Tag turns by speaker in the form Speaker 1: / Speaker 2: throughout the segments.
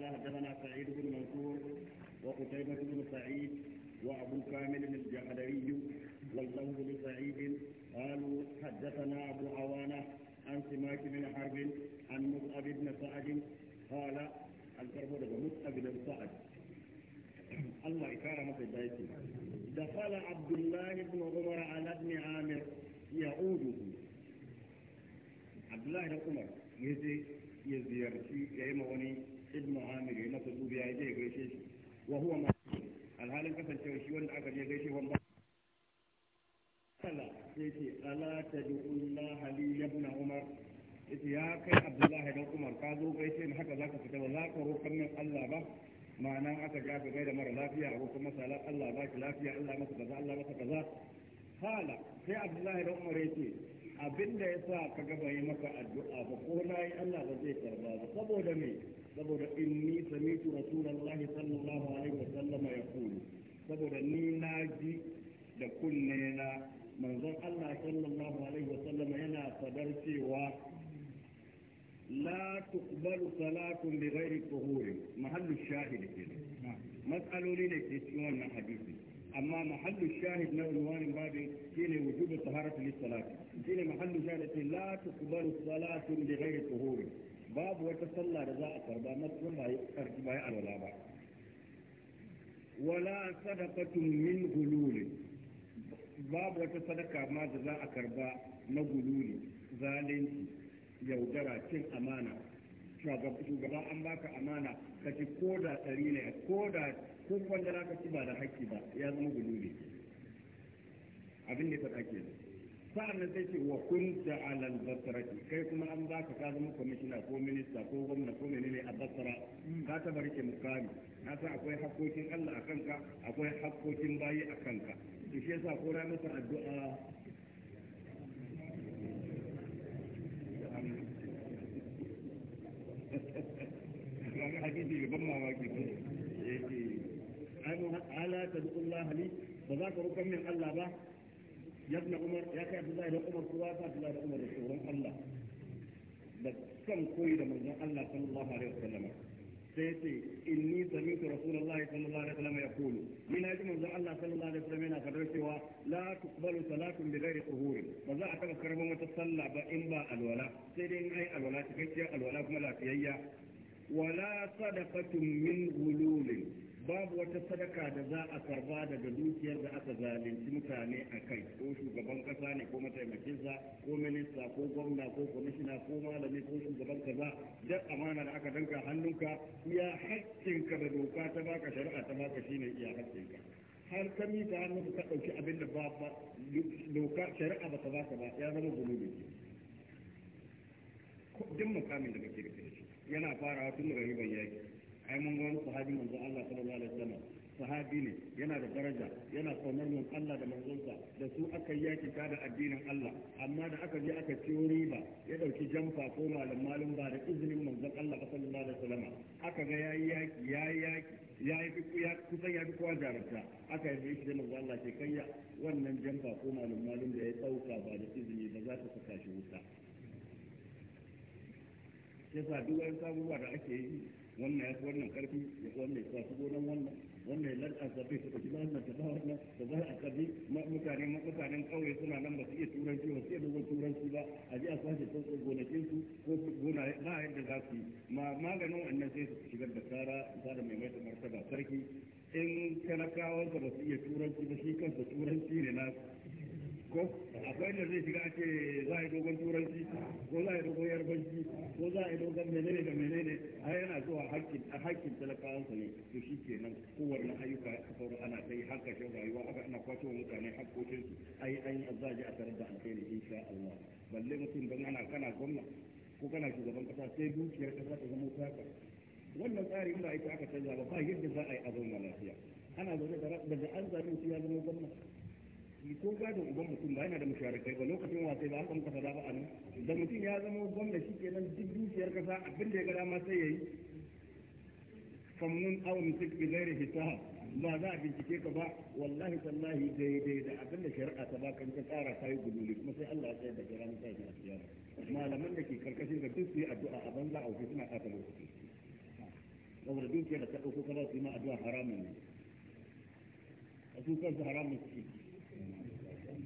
Speaker 1: قال حدثنا سعيد بن منصور وقتيبة بن سعيد وأبو كامل الجحدري واللفظ لسعيد قالوا حدثنا أبو عوانة عن سماك بن حرب عن مصعب بن سعد قال الكربون مصعب بن سعد الله يكرمك بدايته دخل عبد الله بن عمر على ابن عامر يعوده عبد الله بن عمر يزي يزيرتي يا إما ibn amir ya masa dubiya ya je ya gaishe shi wa huwa ma alhalin kasancewa shi wanda aka je gaishe wanda kala sai ce ala tad'ullaha li ibn umar yace ya kai abdullahi dan umar ka zo gaishe ni haka zaka fita ba za ka roƙar min Allah ba ma'ana aka ga ka gaida mara lafiya ko kuma sala Allah ba ki lafiya Allah masa kaza Allah masa kaza kala sai abdullahi dan umar yace abinda yasa ka gaba bai maka addu'a ba ko nayi Allah ba zai karba ba saboda me saboda inni samitu rasulullahi sallallahu alaihi wa sallam yaqulu saboda ni na ji da kunne na manzon Allah sallallahu alaihi wa sallam yana fadar cewa لا تقبل صلاة بغير طهور محل الشاهد كده مسألة لنا تسمعنا حديثي أما محل الشاهد من عنوان بابي كده وجوب الطهارة للصلاة كده محل الشاهد لا تقبل صلاة بغير طهور babu wata sallah da za a karba na ba ba ya alwala ba wala sadaqatun min gululi babu wata sadaka ma da za a karba na gululi zalunci yaudara cin amana shugaba an baka amana ka ci ko da tsari ne ko da ka ci ba da haƙƙi ba ya zama gululi abin da ya faɗa sa'an nan sai ce wa kun da alal basarati kai kuma an ba ka zama kwamishina ko minista ko gwamna ko menene a basara ka ta bari ke mukami na san akwai hakkokin Allah a kanka akwai hakkokin bayi a kanka shi shi yasa ko na masa addu'a hadisi ban mamaki ko yake eh, eh. ala tadullah li ba za ka rukan min Allah ba ya na umar ya kai abdullahi da umar kowa ya abdullahi da umar da tsoron Allah da kan koyi da manzon Allah sallallahu alaihi wasallam sai ya ce inni sami'tu rasulullahi sallallahu alaihi wasallam yaqulu min haji manzon Allah sallallahu alaihi wasallam yana fadar cewa la tuqbalu salatun bighairi tuhur ba za a taba karban wata sallah ba in ba alwala sai dai in ai alwala cikakkiyar alwala kuma lafiyayya wala sadaqatun min ghululin babu wata sadaka da za a karba daga dukiyar da aka zalunci mutane a kai ko shugaban kasa ne ko mataimakinsa ko minista ko gwamna ko kwamishina ko malami ko shugaban kaza duk amana da aka danka hannunka iya haƙƙinka da doka ta baka shari'a ta baka shine iya haƙƙinka har ka mika hannunka ka ɗauki abin da ba doka shari'a ba ta baka ba ya zama zunubi duk mukamin da kake da shi yana farawa tun da rayuwar yaki ai mun ga wani sahabi manzo Allah sallallahu alaihi wasallam sahabi ne yana da daraja yana mun Allah da manzonsa da su aka yi yaki da addinin Allah amma da aka je aka ciyo riba ya dauki jamfa ko malam malum ba da izinin manzo Allah sallallahu alaihi wasallam aka ga yayi yaki yayi yaki ya yi fi ya kusan ya fi kowa jarabta aka yi shi da manzo Allah ke kayya wannan jamfa ko malum malum da ya tsauka ba da izini ba za ta saka shi wuta yasa duk wani sabuwa da ake yi wannan ya fi wannan karfi ya wannan ya fi gonan wannan wannan ya lalata zabe su ɗauki wannan ta ba wannan ta ba a karfi mutane mutanen ƙauye suna nan ba su iya turanci ba su iya dogon turanci ba a ji a sace sun gonakin su ko su gona ba yadda za su yi ma maganin wannan sai su shigar da kara za da mai mai martaba sarki in talakawansa ba su iya turanci ba shi kansa turanci ne na ko akwai da zai shiga ake za a yi dogon turanci ko za a yi dogon yarbanci ko za a yi dogon menene da menene har yana zuwa hakkin a hakkin talakawan su ne to shi kenan kowanne ayyuka aka sauro ana ta yi har ƙarshen rayuwa haka ana kwace wa mutane hakkokin a ai an yi azzaji a tarar da alheri insha Allah balle mutum don ana kana gwamna ko kana shugaban kasa sai dukiyar kasa ta zama taka wannan tsari ba ita aka canza ba ba yadda za a yi a zauna lafiya ana zaune da an zaɓi su ya zama gwamna ko gadon uban mutum ba yana da musharakai ba lokacin wasai ba an muka fada ba a nan da mutum ya zama gwamna shi ke nan duk dukiyar kasa abin da ya ga dama sai yi famnun awon musik bi zai hisab ba za a bincike ka ba wallahi tallahi daidai da abin da shari'a ta baka ka tsara ta yi guduli kuma sai Allah ya tsaya da jira mutane a kiyama malaman da ke karkashin ka duk su yi addu'a a banza a wuce suna kasa lokaci saboda dukiyar da ta dauko kana su yi ma addu'a haramun ne a su kansu haramun su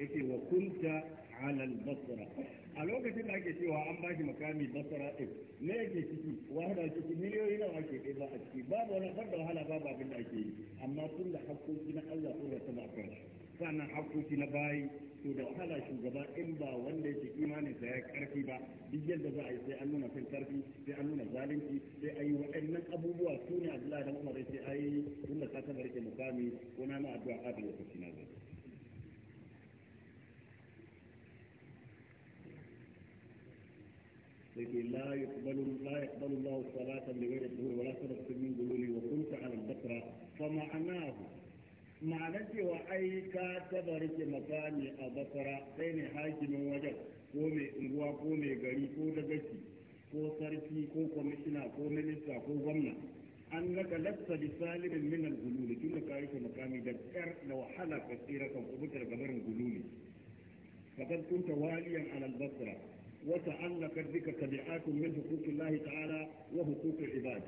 Speaker 1: yake wa kunta ala basra a lokacin da ake cewa an bashi makami basra din me yake ciki wahala ciki miliyoyi nawa ake kai ba a ciki babu wani farda wahala babu abin da ake yi amma tun da hakkoki na Allah ko da sama kan sannan hakkoki na bayi to da wahala shugaba in ba wanda yake imanin sa ya karfi ba duk yadda za a yi sai an nuna fin karfi sai an nuna zalunci sai ayi waɗannan abubuwa sune ne Abdullahi da Umar sai ayi tun da ka taɓa rike mukami ko na ma addu'a a lokaci na ba. التي لا يقبل لا يقبل الله صلاة لغير الظهور ولا صدقة من ذلول وكنت على البكرة فمعناه ma'anar cewa ai ta taba rike makami a bakara sai ne hakimin wajen ko mai unguwa ko mai gari ko dagaki ko sarki ko kwamishina ko minista ko gwamna an naka lasta bi salimin min al-gululi tun da ka rike makami da kyar da wahala ka tsira kan kubutar gabarin gululi fakad kunta waliyan alal basra وتعلق بك تبعات من حقوق الله تعالى وحقوق العباد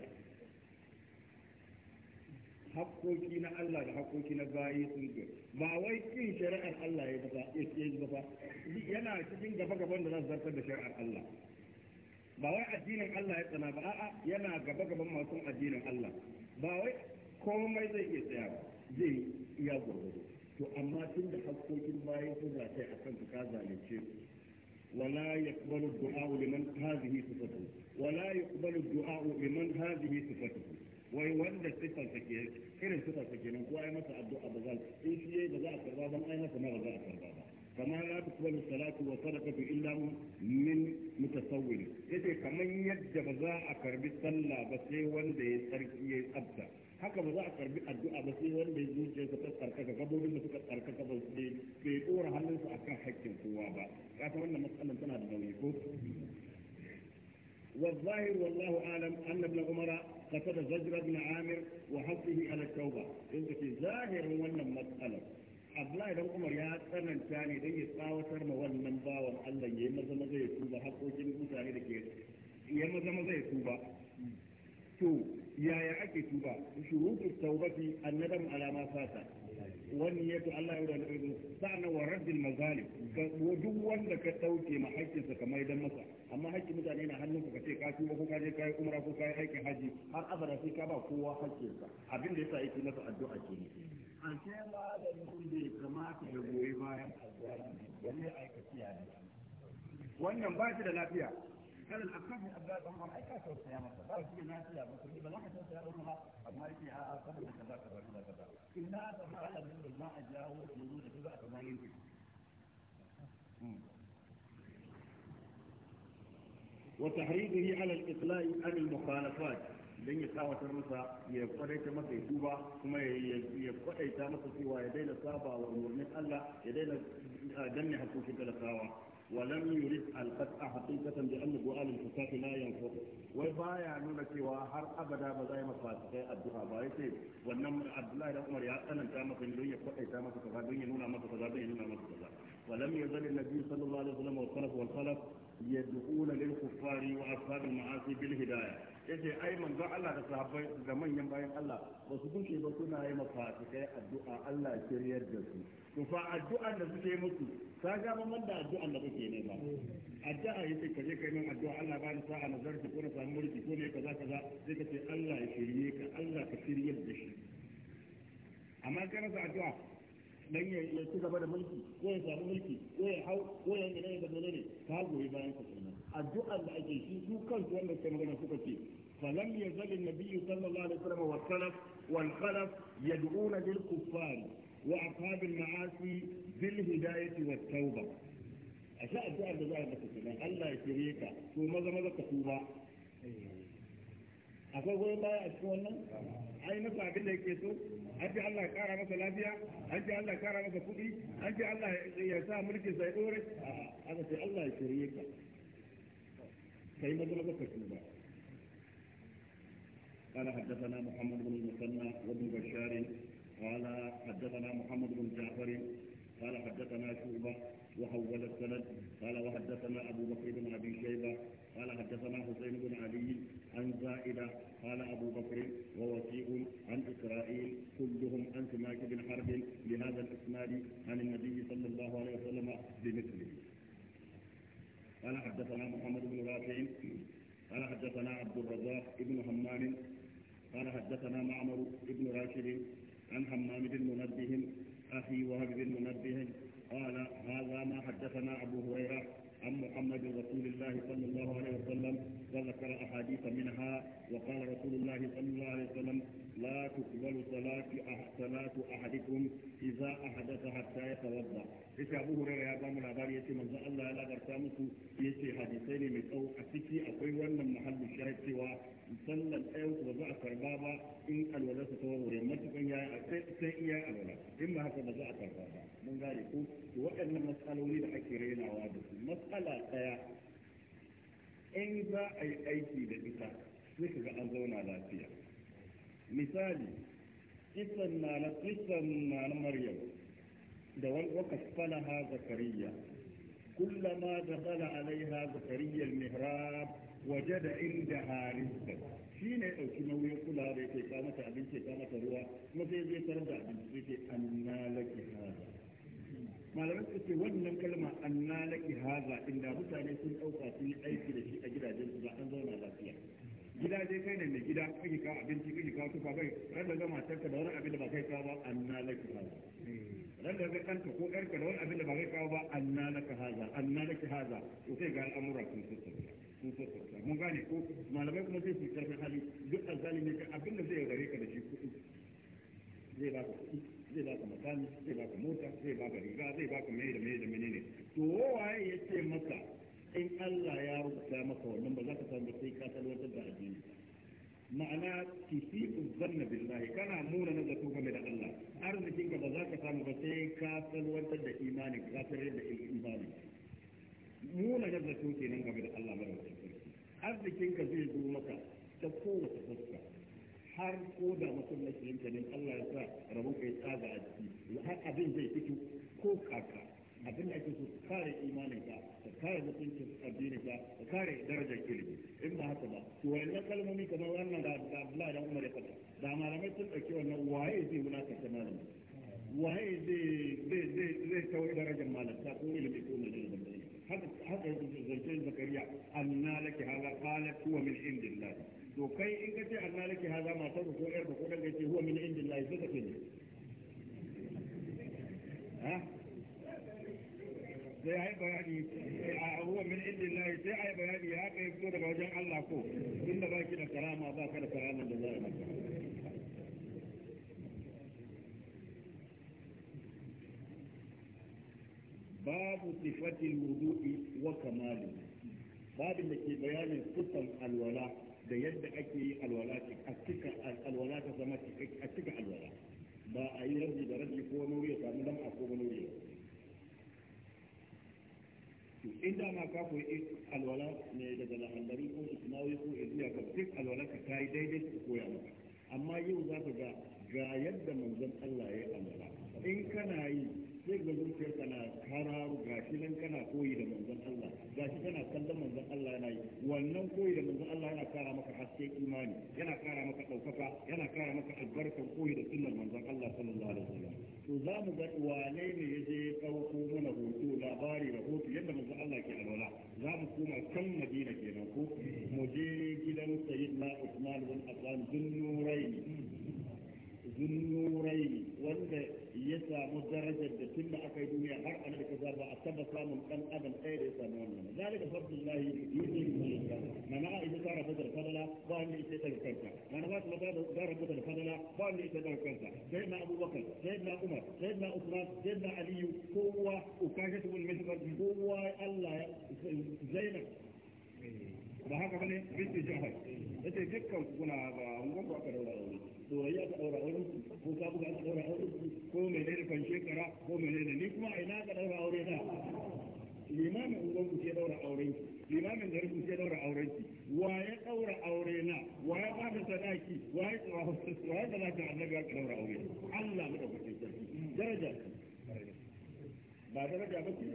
Speaker 1: haƙoƙi na Allah da haƙoƙi na bayi sun ga ba wai kin shari'ar Allah ya ba ya ce yana cikin gaba gaban da zan zartar da shari'ar Allah ba wai addinin Allah ya tsana ba a'a yana gaba gaban masu addinin Allah ba wai komai zai iya tsaya ba zai iya gurgudu to amma tun da haƙoƙin bayi sun a akan ka zalunce ولا يقبل الدعاء لمن هذه صفته ولا يقبل الدعاء لمن هذه صفته wai wanda sifar ta ke irin sifar ta kenan ko ai masa addu'a ba za in shi ba za a karba ba ai masa ma ba za a karba ba kama la tuqbalu salatu wa sadaqatu illa min yace kaman yadda ba za a karbi sallah ba sai wanda ya ya tsabta haka ba za a karbi addu'a ba sai wanda ya zuciya ta tsarkaka gabobin da suka tsarkaka ba sai bai hannunsu a akan hakkin kowa ba ka ta wannan matsalan tana da nauyi ko والظاهر والله اعلم ان ابن عمر قتل زجر بن عامر وحثه على التوبه انت في ظاهر wannan مساله Abdullahi dan Umar ya tsananta ne dan ya tsawatar ma wannan bawan Allah ya maza maza ya tuba hakokin mutane da ke ya maza maza ya to yaya ake tuba shurutu tawbati annadam ala ma fata wani yato Allah ya wadanda ɗaya sa'an wa raddil mazalim duk wanda ka ɗauke ma haƙƙinsa ka maidan masa amma haƙƙin mutane na hannunka ka ce ka ko ka je ka umra ko ka aikin haji har abada sai ka ba kowa haƙƙinsa abin da yasa yake masa addu'a ke ne an ce ma da mutum bai kamata ya goyi bayan addu'a ne wani ne wannan ba shi da lafiya كان الأقسام من أبناء عمر أي كاسة الصيامة قال في الناس يا أبو سعيد بل أحد الصيامة الله قد ما يجي أقسام من كذا كذا كذا كذا الناس فعلا من الماء جاءوا يقولون في بقى ما وتحريضه على الإطلاع عن المخالفات don ya tsawatar masa ya kwadaita masa ya duba kuma ya kwadaita masa cewa ya daina saba wa umarnin Allah ya daina danne hakokin talakawa ولم يرد الفتح حقيقة بأن دعاء الفتاة لا ينفق وبايا نونا سوى هر أبدا بزاي مفاتحة الدعاء بايتي ونم عبد الله بن عمر يأتنا أن تعمل في الدنيا فقه تعمل في كذا دنيا نونا ما كذا دنيا نونا ما كذا ولم يزل النبي صلى الله عليه وسلم والخلف والخلف يدعون للكفار وأصحاب المعاصي بالهداية yace ai manzon Allah da sahabbai da manyan bayan Allah ba su gushe ba suna yi maka su kai addu'a Allah shiryar da su to fa addu'a da suke musu ka ga ban da addu'a da kake ne ba addu'a yace ka je kai min addu'a Allah ba ni sa'a nazarci ko na samu mulki ko ne kaza kaza sai ka ce Allah ya shirye ka Allah ka shiryar da shi amma kana sa addu'a dan ya ci gaba da mulki ko ya samu mulki ko ya hau ko ya ne da ne, ka goyi bayan ka kenan addu'a da ake shi su kansu wanda suka magana suka ce falam yazal an-nabiy sallallahu alaihi wasallam wa khalaf wal khalaf yad'una lil kuffar wa aqab al-ma'asi bil hidayati wat tauba a addu'a da za a baka kenan Allah ya kire ka to maza maza ka tuba akwai goyon baya a cikin wannan ai masa abin da yake so an ji Allah ya kara masa lafiya an ji Allah ya kara masa kuɗi an ji Allah ya sa mulkin sai dore aka ce Allah ya kire ka كي مضربك كتوبا قال حدثنا محمد بن المثنى وابن بشار قال حدثنا محمد بن جعفر قال حدثنا شعبة وحول السند قال وحدثنا أبو بكر بن أبي شيبة قال حدثنا حسين بن علي عن زائدة قال أبو بكر ووكيء عن إسرائيل كلهم عن سماك بن حرب بهذا الإسناد عن النبي صلى الله عليه وسلم بمثله قال حدثنا محمد بن رافع قال حدثنا عبد الرزاق بن همام قال حدثنا معمر بن راشد عن حمام بن منبه أخي وهب بن منبه قال هذا ما حدثنا أبو هريرة عن محمد رسول الله صلى الله عليه وسلم وذكر أحاديث منها وقال رسول الله صلى الله عليه وسلم لا تقبل صلاة صلاة أحدكم إذا أحدث حتى يتوضأ إيش أبو هريرة يا جماعة الأبار يتي من الله لا درسام سو يتي حديثين من أو أتكي أقوي وأن محل الشاهد سوى صلى الأو وضع كربابا إن الولاة تتوضأ ما تكون يا سيئة الولاة إما هكذا وضع كربابا من ذلك وأن المسألة ولي لحكي وادس مسألة إن ذا أي أيتي لإتا sai ka ga an zauna lafiya misali kisan na na kisan na na maryam da wal wakafalaha zakariya كلما دخل عليها زكريا المهراب وجد عندها رزقا shine ya ɗauki nauyin kula da yake ka mata abinci ka mata ruwa kuma sai zai tarar da abinci Sai yake anna laki haza Malamin su ce wannan kalma anna laki haza inda mutane sun ɗauka sun yi aiki da shi a gidajen su ba an zauna lafiya gida dai kai ne mai gida kake kawo abinci kake kawo tufa kai ran da gama tanka da wani abin da ba kai kawo ba anna laka haza ran da kai tanka ko yarka da wani abin da ba kai kawo ba anna laka haza anna laka haza to sai ga al'amura sun tsaya sun tsaya mun gane ko malamai kuma sai su karfin hali duk azzalimi ka abin da zai gare ka da shi kuɗi zai ba ka kuɗi zai ba ka makami zai ba ka mota zai ba ka riga zai ba ka mai da mai da menene to waye ya ce maka in Allah ya rubuta maka wannan ba za ka samu sai ka salwatar da addini ma'ana tisiku zanna billahi kana muna na zato game da Allah arzikin ka ba za ka samu ba sai ka salwantar da imani ka tare da imani muna na zato kenan game da Allah mara arzikin ka zai zo maka ta kowace fuska har ko da masallacin ka ne Allah ya sa rabon kai tsaga a ciki har abin zai fito ko kaka abin da ake so ka kare imanin ka ka kare mutuncin addini ka ka kare darajar ilimi in ba haka ba to wannan kalmomi kamar wannan da Abdullahi da Umar ya faɗa da malamai sun ɗauki wannan waye zai ta malami waye zai zai zai kawai darajar malamta ko ilimi ko majalisa haka zancen zakariya anna laki haza qalat huwa min indillah to kai in kace anna laki haza matar ko yar ko dan kace huwa min indillah sai kace ne ha sai ai bayani a huwa min indillahi sai ai bayani ya kai fito daga wajen Allah ko inda ba baki da karama ba ka da karama da za a maka babu sifatil wudu'i wa kamalu babin da ke bayanin sifan alwala da yadda ake yi alwala a cika alwala ta zama a cika alwala ba a yi rabi da rabi ko wani wuri ya samu dan a ko wani in dama ma ka koyi eh, alwala ne daga lahandari ko ismawi ko iziya ka duk alwala ka kai daidai ka koya maka amma yau za ka ga ga yadda manzon Allah ya alwala in kana yi sai ga zuciyar kana kararo gashi nan kana koyi da manzon Allah gashi kana kallon manzon Allah yana yi wannan koyi da manzon Allah yana kara maka haske imani yana kara maka daukaka yana kara maka albarkar koyi da sunnar manzon Allah sallallahu alaihi wasallam to za mu ga wane ne yaje ya dauko mana hoto labari mu koma can Madina kenan ko mu je gidan na Usman bin Affan bin Nuraini ذو النورين وانت يسا مدرجة تم أكي دنيا حق أنا بكذابة أتبا سام القن أدم خير يسا مولنا ذلك فضل الله يؤتيه من يشاء من رأى إذا صار بدر فضلا ظن إتدر كنسا من رأى دار بدر فضلا ظن إتدر كنسا سيدنا أبو بكر سيدنا عمر سيدنا عثمان سيدنا علي قوة وكاشة المجبر قوة الله زينب ba haka bane bin jihar yace dukkan kuna ba mun ba ka daura aure doyi aka daura auren su ko ka buga aka daura auren su ko menene kan shekara ko menene ni kuma ina aka daura aure na limamin ungon ku ke daura auren limamin garin ku ke daura auren ki wa ya daura aure na wa ya ba da sadaki wa ya wa ya sadaka annabi ka daura aure Allah mu dauke ki daraja ba daraja ba ce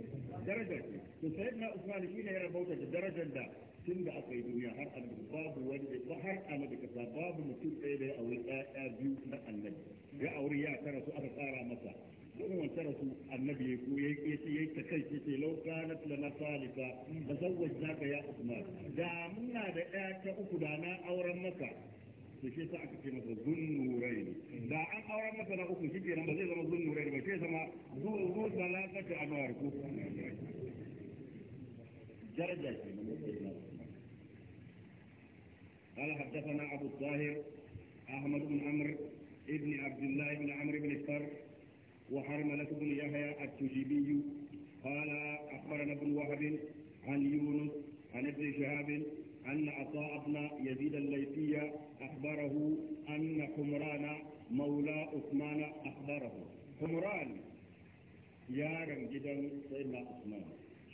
Speaker 1: daraja ce to sayyidina Usman shi ne ya rabauta da darajar da tun da aka yi duniya har annabi babu wanda ba har da kasa babu mutum ɗaya da ya aure ɗaya biyu na annabi ya aure ya tara su aka tsara masa wani tara su annabi ya ko ya yi ya yi ta kai shi ce lau na lana salisa da zawwaj naka ya usman da muna da ɗaya ta uku da na auren maka to shi sa aka ce masa zunnurai da an auren masa na uku shi nan ba zai zama zunnurai ba sai zama zuwa zuwa salata ta anwar ko daraja yi na mutum قال حدثنا أبو الطاهر أحمد بن عمرو ابن عبد الله بن عمرو بن الفر وحرملة بن يحيى التجيبي قال أخبرنا ابن وهب عن يونس عن ابن شهاب أن عطاء بن يزيد الليثي أخبره أن حمران مولى عثمان أخبره حمران يا جدا سيدنا عثمان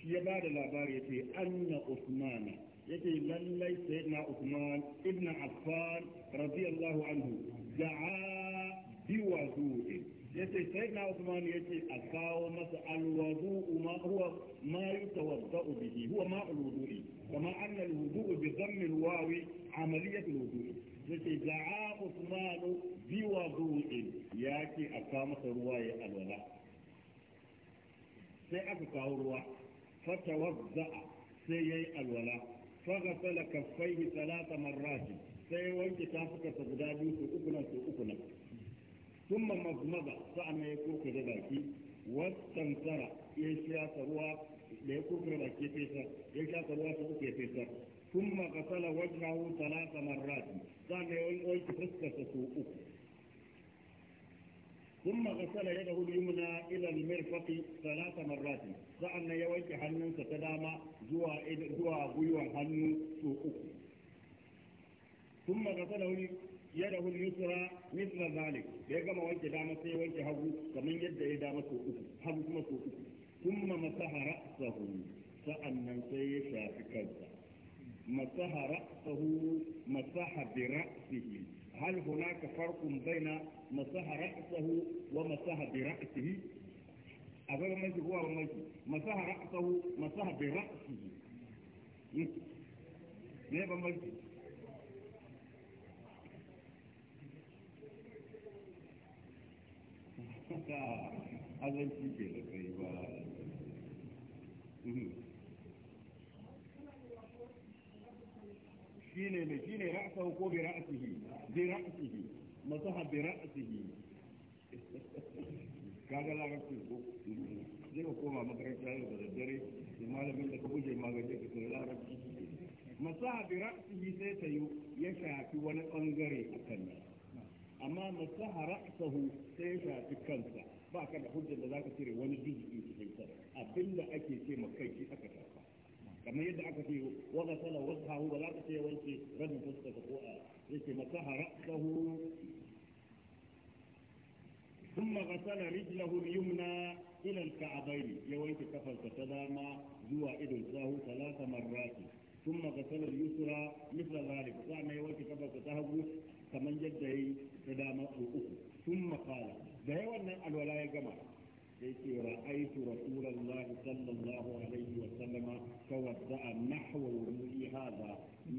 Speaker 1: شيبان الأبار يتي أن عثمان yake lallai na Usman ibn Affan radiyallahu anhu da'a bi wudu'in yace na Usman yace a kawo masa alwudu ma huwa ma yatawaddu bihi huwa ma alwudu'i kama anna alwudu'u bi dhammi alwawi amaliyat alwudu'i yace da'a Usman bi wudu'in yace a kawo masa ruwa ya alwala sai aka kawo ruwa fatawadda sai yayi alwala فغسل كفيه salata marrati sai wanke tafukarsa guda biyu su uku nan su uku nan ثم مضمض sa'annan ya kurkure baki tara, ya shafa ruwa da ya da baki fesa ya shafa ruwa ثم غسل وجهه ثلاث مرات sa'annan ya wanke su uku ثم غسل يده اليمنى الى المرفق ثلاث مرات فان يويك حنن ستداما زوا زوا غيوان حنن سو ثم غسل يده اليسرى مثل ذلك da ya gama wanke dama sai wanke hagu kamar yadda ya dama so hagu kuma so uku kuma masaha ra'sahu sa'annan sai ya shafi kansa masaha ra'sahu masaha bi ra'sihi هل هناك فرق بين مسح رأسه ومسح برأسه أبدا ما هو ما مسح رأسه مسح برأسه ليه ما هذا الشيء كده shine ne shine ra'sahu ko bi ra'sihi bi ra'sihi masaha bi ra'sihi kaga larabci oh, ko zai ko ma makaranta yau da dare da malamin da ka guje da gaje ka koyi larabci masaha bi ra'sihi sai ta yi ya shafi wani bangare a kan amma masaha ra'sahu sai ya shafi kansa ba ka da hujjar da zaka cire wani jiji cikin sa abinda ake ce makai aka tafa kamar yadda aka ce wa gasala wajhahu ba za ka ce wanke rabin fuskarsa ko a yake ثم غسل رجله اليمنى إلى الكعبين يويت كفر تدامى زوى إذ ثلاث مرات ثم غسل اليسرى مثل ذلك فقام يوتي كفر تتهب كمن يدعي تدامته ثم قال ده يوانا الولاء yake ra'aitu rasulullah sallallahu alaihi wa sallama tawadda'a nahwa wudu'i hadha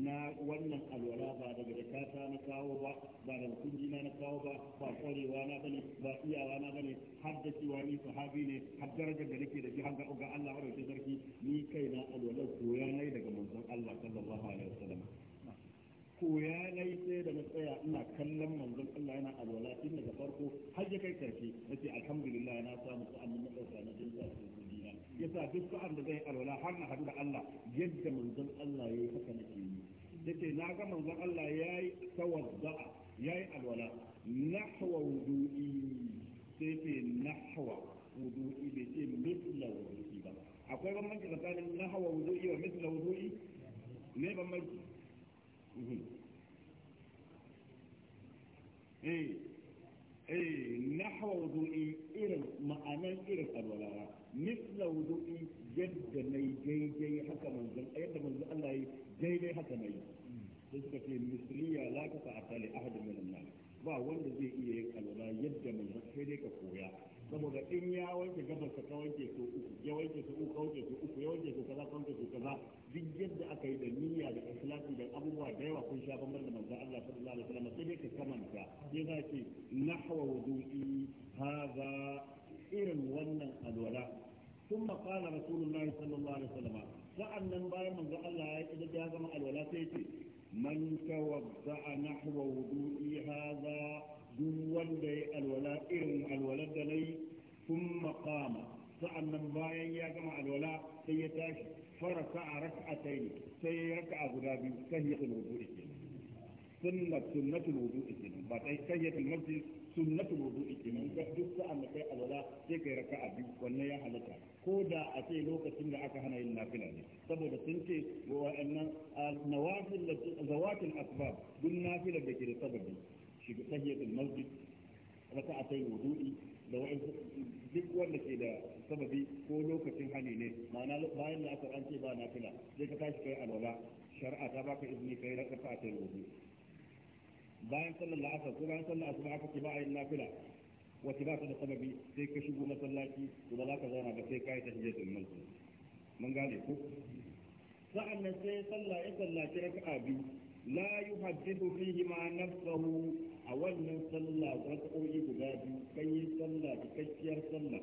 Speaker 1: na wannan alwala ba daga jakata na kawo ba ba daga kunjina na kawo ba ba kwarewa na bane ba iyawa na bane har da cewa ni sahabi ne har darajar da nake da shi har ga Allah wa sarki ni kaina alwala koya daga manzon Allah sallallahu wa koya ya yi sai da na tsaya ina kallon manzon Allah yana alwala tun daga farko har ya kai karshe nace alhamdulillah na samu sa'an na da na jin sa su dina yasa duk sa'an da zai alwala har na hadu da Allah yadda manzon Allah yayi haka nake yi yace na ga manzon Allah yayi tawadda yayi alwala nahwa wudu'i sai ce nahwa wudu'i bai ce mithla wudu'i ba akwai bambanci tsakanin nahwa wudu'i wa mithla wudu'i ne bambanci Mhm. eh eh nahwa wudu'i irin ma'anan irin alwala misla wudu'i yadda nayi daidai haka manzon yadda manzon Allah yi daidai haka nayi sai suka ce misliya la ka fa'ata li ahad min ba wanda zai iya yin alwala yadda manzon sai dai ka koya saboda in ya wanke gabas ka wanke su uku ya wanke su uku wanke su uku ya wanke su kaza wanke su kaza duk yadda aka yi da niyya da ikhlasi da abubuwa da yawa kun sha bambar da manzon Allah sallallahu alaihi wasallam sai dai ka kamanta sai za ce nahwa wudu'i hadha irin wannan alwala ثم قال رسول الله صلى الله عليه وسلم sa'annan bayan manzo Allah ya yi da ya zama alwala sai ce man tawadda nahwa wudu'i hadha duk wanda ya alwala irin alwalar da nayi thumma qama sa'annan bayan ya gama alwala sai ya tashi faraka a raka'atai sai raka'a guda biyu tahiyatul wudu'i kenan sunna sunnatul wudu'i kenan ba sai tahiyatul masjid sunnatul wudu'i kenan ga duk sa'an da kai alwala sai kai raka'a biyu wannan ya halatta ko da a ce lokacin da aka hana yin nafila ne saboda sun ce wa'annan nawafil zawatul asbab duk nafila da ke da sababi shiga tahiyatul masjid raka'atai wudu'i da wa'ansu duk wanda ke da sababi ko lokacin hali ne ma'ana bayan da aka ce ba na fila sai ka tashi kai alwala shari'a ta baka izini kai raka ta ta rubu bayan sallar la'asa ko bayan sallar asuba aka ce ba a yin fila wacce ba ta da sababi sai ka shigo masallaci to ba za ka zauna ba sai ka yi ta masjid mun gane ko sa'an nan sai sallah ya sallaci raka'a biyu la yuhaddithu fihi ma nafsahu a wannan sallah rak'o'i guda biyu kan yi sallah cikakkiyar sallah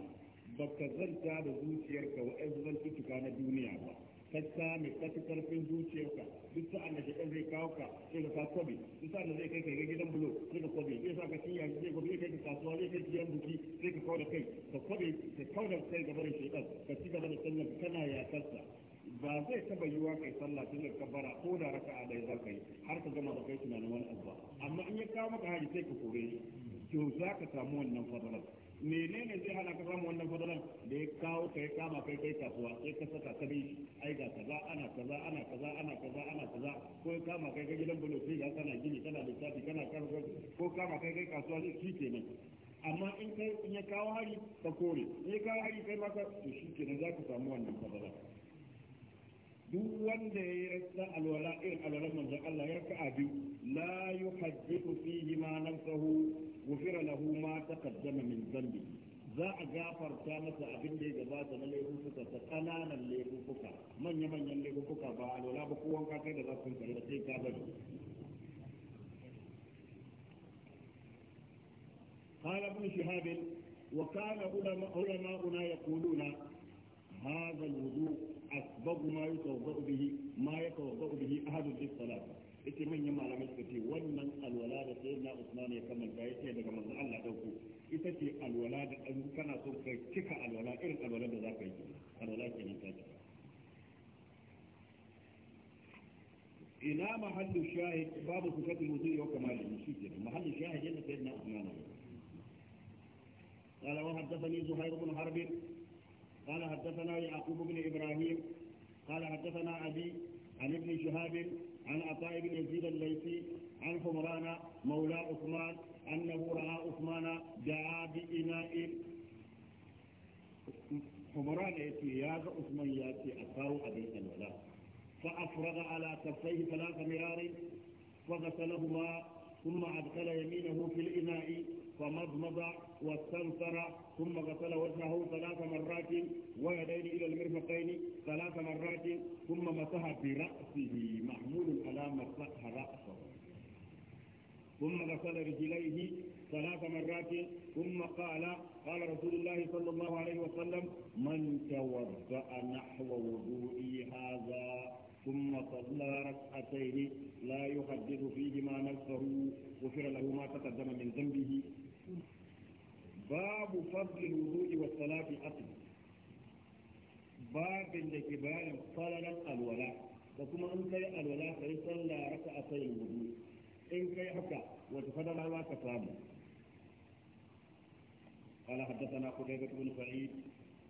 Speaker 1: baka zanta da zuciyarka wa'azu zantuttuka na duniya ba ka sami ka karfin zuciyarka duk sa'an da shaɗan zai sai ka kwabe duk sa'an da zai kai ka gidan bulo sai ka kwabe zai sa ka cinya zai kai ka kasuwa zai da ka ka ci gaba da kana yakarsa ba zai taba wa kai sallah tun daga kabara ko da raka'a da za kai yi har ka gama da kai tunanin wani abu ba amma in ya kawo maka hari sai ka kore shi to za ka samu wannan fadalan menene zai hana ka samu wannan fadalan da ya kawo kai kama kai kai kasuwa sai ka saka ka bi ai ga kaza ana kaza ana kaza ana kaza ana kaza ko ya kama kai kai gidan bulo sai ga kana gini kana lissafi kana karfa ko kama kai kai kasuwa shi kenan amma in kai in ya kawo hari ka kore in ya kawo hari kai ma ka to shi kenan za ka samu wannan fadalan duk wanda ya yi rasa alwala irin alwalan manzon Allah ya raka abi la yuhaddithu fihi ma nafsuhu ghufira lahu ma taqaddama min dhanbi za a gafarta masa abin da ya gabata na laifuka ta kananan laifuka manya manyan laifuka ba alwala ba ko wanka kai da za ku kare sai ka bari قال ابن شهاب وكان علماؤنا يقولون هذا الوضوء أسباب ما يتوضأ به ما يتوضأ به أهل الصلاة إتي من يما على مسكتي ونن الولادة سيدنا عثمان يكمل جايتي يدك من الله دوكو إتي الولادة كان صبح كيكا الولادة إرن الولادة ذاك يجينا الولادة كان يتاجر إلى محل الشاهد باب صفة المضي وكما يجب محل الشاهد يدك سيدنا عثمان قال وحدثني زهير بن حرب قال حدثنا يعقوب بن إبراهيم قال حدثنا أبي عن ابن شهاب عن عطاء بن يزيد الليثي عن حمران مولى عثمان أنه رأى عثمان دعا بإناء حمران يأتي يا عثمان يأتي أثار أبي الولاء فأفرغ على كفيه ثلاث مرار فغسلهما ثم أدخل يمينه في الإناء فمضمض واستنثر ثم غسل وجهه ثلاث مرات ويدين إلى المرفقين ثلاث مرات ثم مسح برأسه محمول على مسح رأسه ثم غسل رجليه ثلاث مرات ثم قال قال رسول الله صلى الله عليه وسلم من توضأ نحو وضوئي هذا ثم صلى ركعتين لا يحدث فيهما نفسه غفر له ما تقدم من ذنبه باب فضل الوضوء والصلاة أصل باب لكبار صلى الولاء وكما أن كي الولاء فيصلى ركعتين الوضوء إن كي حكى وتفضل على كسامه قال حدثنا قتيبة بن سعيد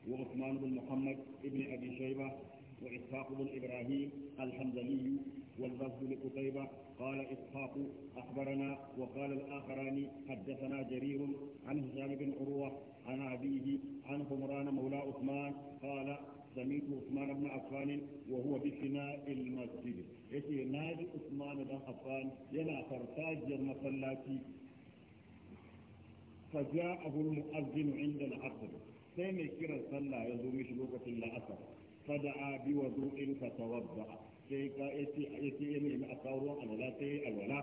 Speaker 1: وعثمان بن محمد بن أبي شيبة وإسحاق بن إبراهيم الحمدلي واللفظ لقتيبة قال إسحاق أخبرنا وقال الآخران حدثنا جرير عن هشام بن عروة عن أبيه عن حمران مولى عثمان قال سميت عثمان بن عفان وهو بفناء المسجد إيش نادي عثمان بن عفان ينا فرتاج المصلاتي فجاءه المؤذن عند العصر سيمي كرا صلى يزومش لوكة العصر fada'a bi wudu'in fatawabba sai ka yace yace ya nemi a kawo ruwan alwala sai alwala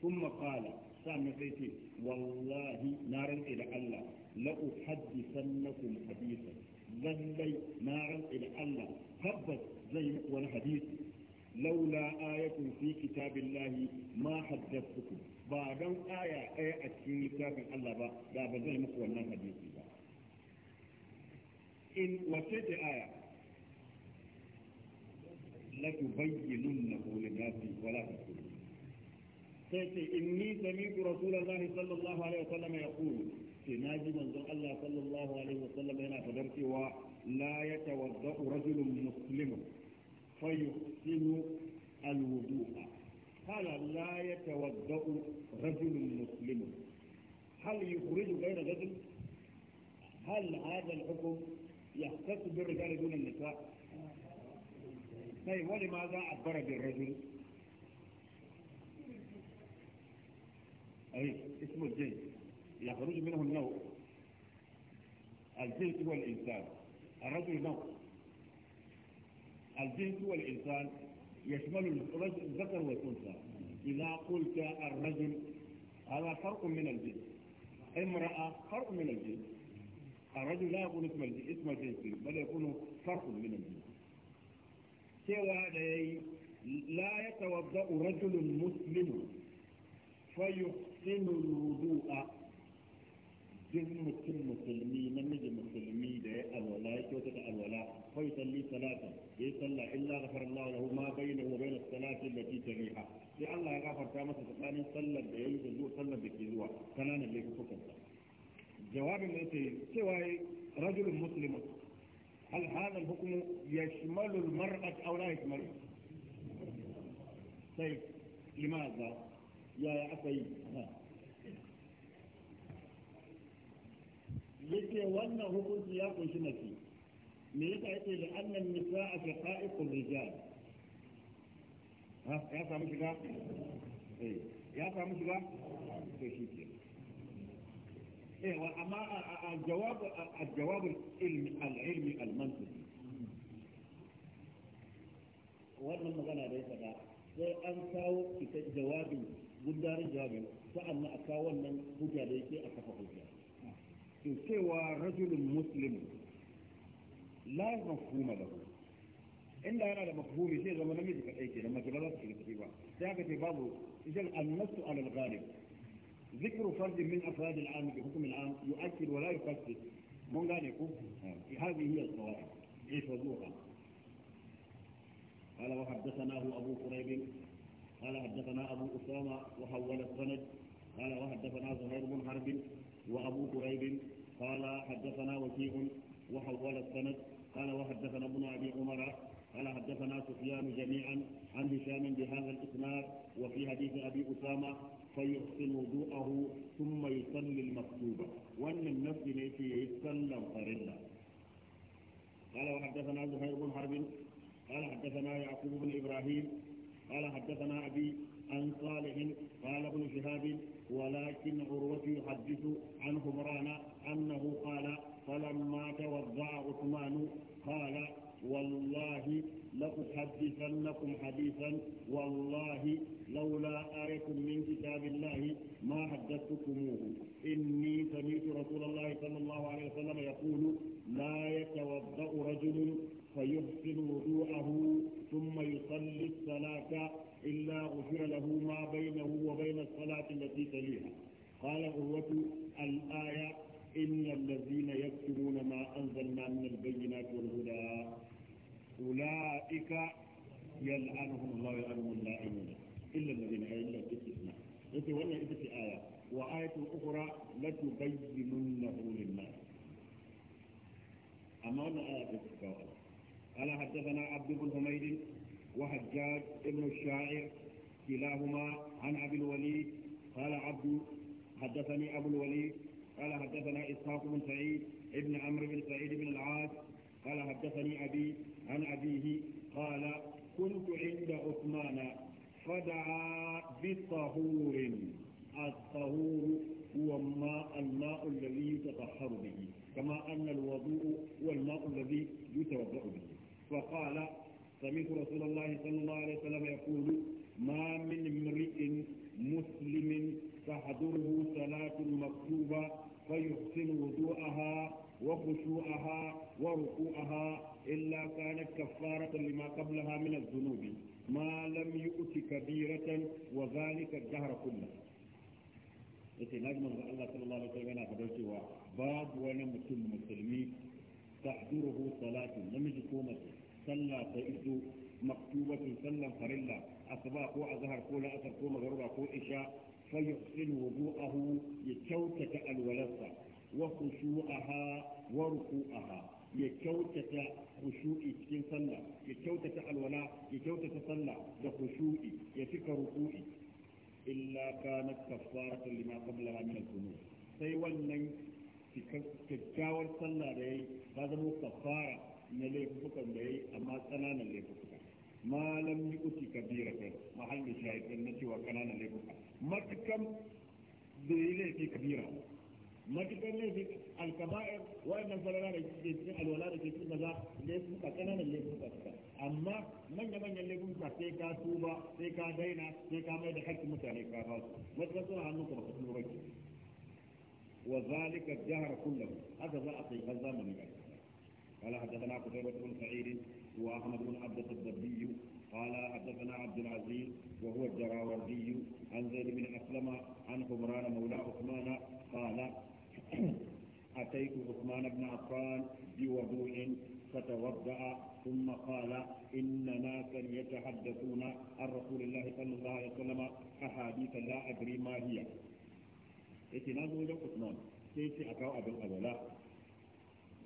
Speaker 1: kuma sa sannan sai ce wallahi na rantsa da Allah la uhaddisannakum hadithan lallai na rantsa da Allah tabbas zai yi wani hadisi laula ayatun fi kitabillahi ma haddathukum ba don aya ɗaya a cikin littafin Allah ba da ba zai muku wannan hadisi in wace ce aya لتبيننه للناس ولا تكتمون سيتي إني سمعت رسول الله صلى الله عليه وسلم يقول في ناجي من الله صلى الله عليه وسلم هنا فدرت لا يتوضأ رجل مسلم فيحسن الوضوء قال لا يتوضأ رجل مسلم هل يخرج غير رجل هل هذا الحكم يختص بالرجال دون النساء طيب ولماذا عبر بالرجل أي اسم الجنس يخرج منه النوع الجنس هو الإنسان الرجل نوع الجنس هو الإنسان يشمل الرجل الذكر والأنثى إذا قلت الرجل هذا فرق من الجنس امرأة فرق من الجنس الرجل لا يكون اسم الجنس بل يكون فرق من الجنس cewa da yi la urajulun rajulun muslimun fayuhsinu al a duk mutum musulmi namiji musulmi da ya alwala ya kyauta da alwala fa yusalli salata ya yi sallah illa ghafara Allah lahu ma bayyana wa bainas salati allati tariha sai Allah ya gafarta masa tsakanin sallar da yayi da zuwa sallar da ke zuwa kananan laifukan sa jawabin da yake cewa rajulun muslimun هل هذا الحكم يشمل المرأة أو لا يشمله طيب لماذا يا أخي yake wannan hukunci ya kunshi mace me yasa yake da annan nisa'a shaqa'iqur rijal ha ya samu shiga eh ya samu shiga to shi kenan أما الجواب الجواب العلمي العلمي المنطقي wannan magana da ya faɗa sai an kawo ita jawabin gudanar jawabin sa'an na a kawo wannan hujja da a kafa hujja in cewa rajulun muslim la mafhuma lahu inda yana da mafhumi sai zama namiji kadai ke da mace ba za ba ce babu idan annasu alal ذكر فرد من أفراد العام بحكم العام يؤكد ولا يفسد من قال يقول هذه هي القواعد احفظوها قال وحدثناه أبو قريب قال حدثنا أبو أسامة وحول السند قال وحدثنا زهير بن حرب وأبو قريب قال حدثنا وكيع وحول السند قال وحدثنا ابن أبي عمر قال حدثنا سفيان جميعا عن هشام بهذا الاسناد وفي حديث ابي اسامه فيحسن وضوءه ثم يصلي المكتوبه وان النفس التي يسلم فرلا قال وحدثنا زهير بن حرب قال حدثنا يعقوب بن ابراهيم قال حدثنا ابي عن صالح قال ابن شهاب ولكن عروة يحدث عن همران أنه قال فلما توضع عثمان قال والله لأحدثنكم حديثا والله لولا أريكم من كتاب الله ما حدثتكموه إني سمعت رسول الله صلى الله عليه وسلم يقول لا يتوضأ رجل فيحسن وضوءه ثم يصلي الصلاة إلا غفر له ما بينه وبين الصلاة التي تليها قال عروة الآية إن الذين يكتمون ما أنزلنا من البينات والهدى أولئك يلعنهم الله يلعنهم اللائمون إلا الذين آية إلا الاستثناء يقول ولا في آية وآية أخرى لتبينونه للناس أما أن آية تتكاوى قال حدثنا عبد بن حميد وحجاج ابن الشاعر كلاهما عن أبي الوليد قال عبد حدثني أبو الوليد قال حدثنا إسحاق بن سعيد ابن عمرو بن سعيد بن العاص قال حدثني أبي عن أبيه قال كنت عند عثمان فدعا بطهور الطهور هو الماء الماء الذي يتطهر به كما أن الوضوء هو الماء الذي يتوضأ به فقال سمعت رسول الله صلى الله عليه وسلم يقول ما من امرئ مسلم تحضره صلاة مكتوبة فيحسن وضوءها وخشوعها وركوعها إلا كانت كفارة لما قبلها من الذنوب ما لم يؤت كبيرة وذلك الدهر كله yace na jima ga Allah sallallahu alaihi wasallam yana fadar cewa babu wani mutum musulmi ta'duruhu salatu namiji ko mace sallah ta sallan farilla asuba ko azhar ko la'asar ko magruba ko isha ya kyautata alwalarsa وخشوعها ya يكوتة خشوعي cikin sallah ya kyautata alwala ya kyautata sallah da khushu'i ya cika ruku'i illa kanat kaffaratan lima qablaha min al-dhunub sai wannan kyakkyawar sallah da yayi ta zama kaffara na laifukan da yayi amma tsananan laifuka ma lam yuti kabira kai mahallin shahidin na kabira matukar laifin alkaba'ir wa'annan falala da ke cikin alwala da ke cikin maza da su ka kananan laifin ka amma manya-manyan laifin ka sai ka tuba sai ka daina sai ka mai da hakkin mutane ka ba su matukar suna hannun ka baka tuba ke wa zalika jahar kullum haka za a sai har zamani ga قال حدثنا قتيبة بن سعيد وأحمد بن عبد الضبي قال حدثنا عبد العزيز وهو الدراوردي عن زيد بن أسلم عن حمران مولى عثمان قال أتيت عثمان بن عفان بوضوء فتوضأ ثم قال إن ناسا يتحدثون عن رسول الله صلى الله عليه وسلم أحاديث لا أدري ما هي يتنازل إلى عثمان سيتي أكاو أبو الولاء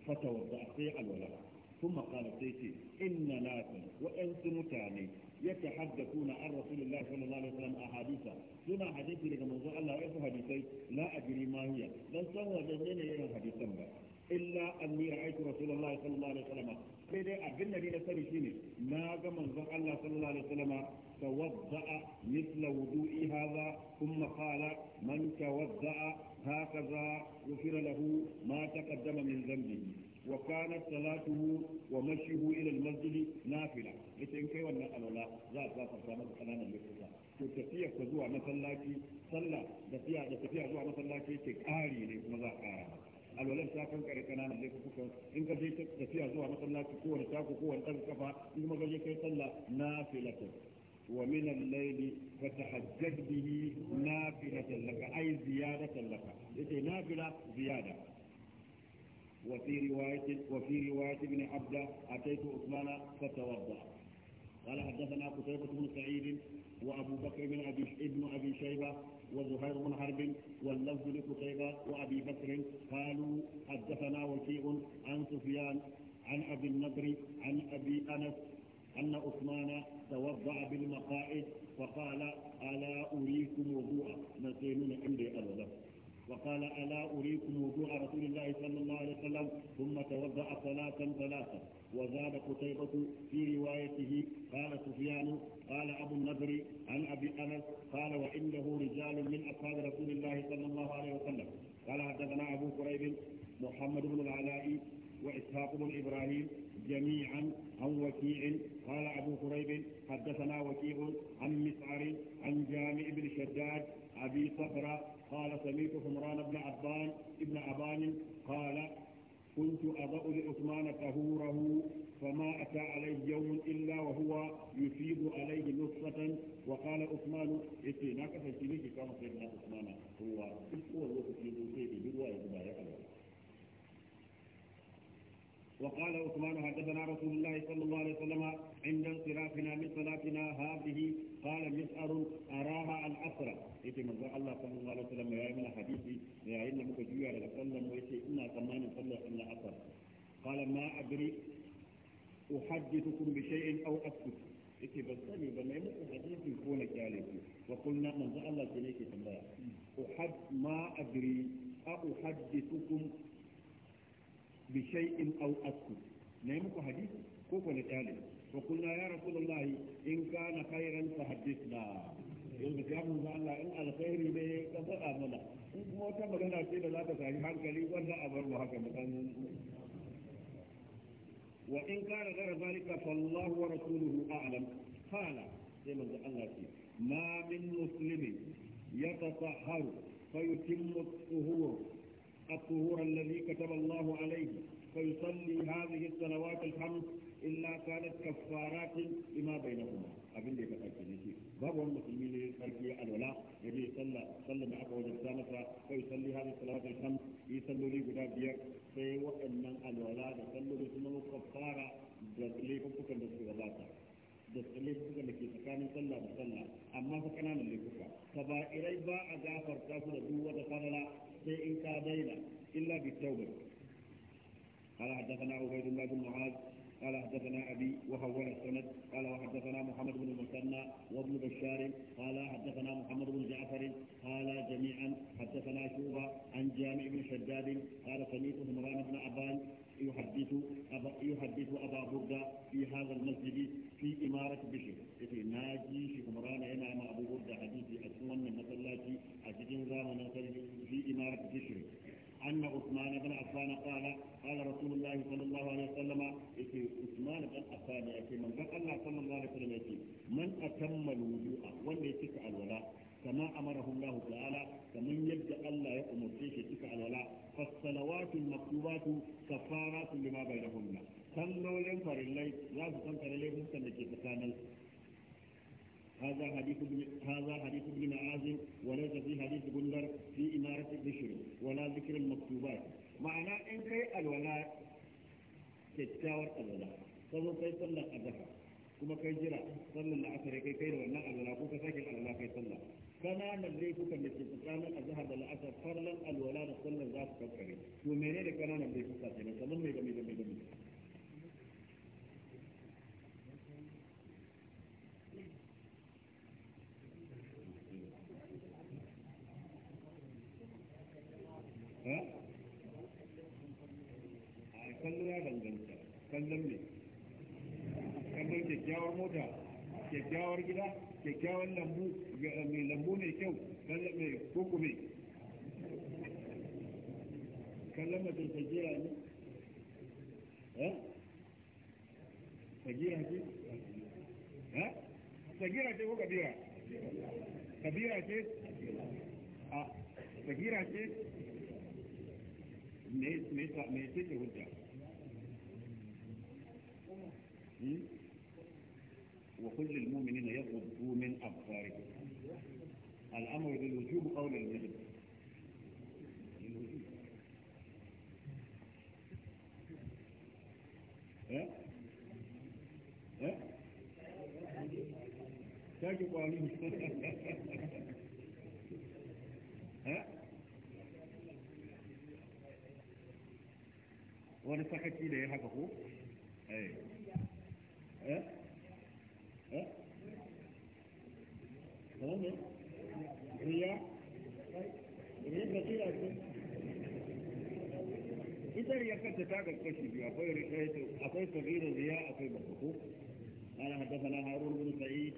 Speaker 1: فتوضأ في الولاء ثم قال سيتي إن ناسا وإنس متاني يتحدثون عن رسول الله صلى الله عليه وسلم أحاديثا سنة حديثي لك منظور الله يفو حديثي لا أدري ما هي بل سوى جنين يرى حديثا إلا أني رأيت رسول الله صلى الله عليه وسلم sai dai a da na sani shine na ga manzon Allah sallallahu alaihi wasallam tawadda'a mithla wudu'i hadha thumma qala man tawadda'a hakaza ghufira lahu ma taqaddama min dhanbihi وكانت صلاته ومشيه الى المسجد نافله yace in kai wannan alwala za a gafarta maka kananan lokuta tafiya zuwa masallaci sallah da tafiya zuwa masallaci yake ƙari ne kuma za a ƙara alwalan ta kan kananan laifuka in ka je tafiya zuwa masallaci kowane tako kowane ɗan in kuma ka kai sallah nafilatu ومن الليل فتحجج به نافلة لك أي زيادة لك إذا نافلة زيادة وفي رواية وفي رواية ابن عبد أتيت عثمان فتوضأ قال حدثنا قتيبة بن سعيد وأبو بكر بن أبي ابن أبي شيبة وزهير بن حرب واللفظ لقتيبة وأبي بكر قالوا حدثنا وكيع عن سفيان عن أبي النضر عن أبي أنس أن عثمان توضأ بالمقائد فقال ألا أريكم وضوءا نسيمون عندي أبدا. وقال ألا أريكم وضوء رسول الله صلى الله عليه وسلم ثم توضأ صلاة ثلاثة وزاد قتيبة في روايته قال سفيان قال أبو النضر عن أبي أنس قال وعنده رجال من أصحاب رسول الله صلى الله عليه وسلم قال حدثنا أبو كريب محمد بن العلاء وإسحاق بن إبراهيم جميعا عن وكيع قال أبو كريب حدثنا وكيع عن مسعر عن جامع بن شداد أبي صخرة قال سميت عمران بن عبان ابن عبان قال كنت أضع لعثمان طهوره فما أتى عليه يوم إلا وهو يفيض عليه نصفة وقال عثمان إتي ناكفة سيدي كما سيدنا عثمان هو هو الوقت يدوسي بدوا يدبا يقلب وقال عثمان حدثنا رسول الله صلى الله عليه وسلم عند انصرافنا من صلاتنا هذه قال مسأر أراها الأسرة يتي من الله صلى الله عليه وسلم يا من حديثي يا إن مكجوع لك صلى ويتي إنا كمان صلى إلا أسر قال ما أدري أحدثكم بشيء أو أسكت yake ban sani ba mai muku hadisi ko na kyale ku wa kunna manzo Allah ke ne ke tambaya uhad ma adri a uhaddithukum bi shay'in aw asku nayi muku hadisi ko ko na tale wa kunna ya rasulullahi in kana khairan fa hadithna yanzu ga mun Allah in alkhairi ne ka faɗa mana in kuma wata magana ce da za ta sami hankali wanda a bar mu haka mutan wa in kana gara zalika fa Allah wa rasuluhu a'lam qala sai manzo Allah ce ma min muslimin yatatahharu fa yutimmu tuhuru الطهور الذي كتب الله عليه فيصلي هذه الصلوات الخمس إلا كانت كفارات لما بينهما abin da ya faɗa ke nake musulmi ne sarki ya alwala ya je sallah sallah da aka wajabta masa kai salli hadi salatul khams yi salloli guda biyar sai waɗannan alwala da salloli sun da da suka da da ke tsakanin sallah da sallah amma fa kananan laifuka Ka ba a gafarta su da duk wata falala شيء in إلا بالتوبة قال حدثنا عبيد الله بن معاذ قال حدثنا ابي وهو السند قال وحدثنا محمد بن المثنى وابن بشار قال حدثنا محمد بن جعفر قال جميعا حدثنا شوبه عن جامع بن شداد قال سميت عمران بن عبان يحدث أبا يحدث أبا بردة في هذا المسجد في إمارة بشر يتي ناجي في عمران هنا مع أبو بردة حديثي أسوان من مسلاتي أجدين زامن في إمارة بشر أن عثمان بن عفان قال قال رسول الله صلى الله عليه وسلم إتي عثمان بن عفان يأتي من قال الله صلى الله عليه وسلم يأتي من أتم الوضوء ولا يتسع الولاء kama amarahum Allah ta'ala kaman yadda Allah ya umarce shi suka alwala fasalawatu maktubatu kafaratu lima bainahunna sallolin farillai za su san farillai fuskan da ke tsakanin هذا حديث ابن هذا حديث ابن معاذ وليس في حديث بندر في إمارة بشر ولا ذكر المكتوبات معنى إن كي الولاء تتاور الولاء فهو كي صلى الأدفع كما كي جرى صلى العصر كي كي الولاء الولاء كي ساكن ƙananan laifukan da ke tsakanin a jihar da la'asar farlan alwala da sallar za su kankare to menene ƙananan laifuka kenan kamar mai da mai da mai da kyakkyawan lambu mai lambu mai kyau kalla mai koko mai kalla ne eh ce eh ce ko kabira kabira ce ah, a ce me me me ce hujja hmm? وكل المؤمنين يغضوا من أبصارهم الأمر للوجوب أو للوجوب
Speaker 2: ها؟ ها؟
Speaker 1: تجب عليهم ها؟ ها ها ها ها ها ko? ne riya riya ga kira ce ita riya kanta ta ga kashi biyu akwai riya akwai sabirin riya akwai bakuku قال حدثنا هارون بن سعيد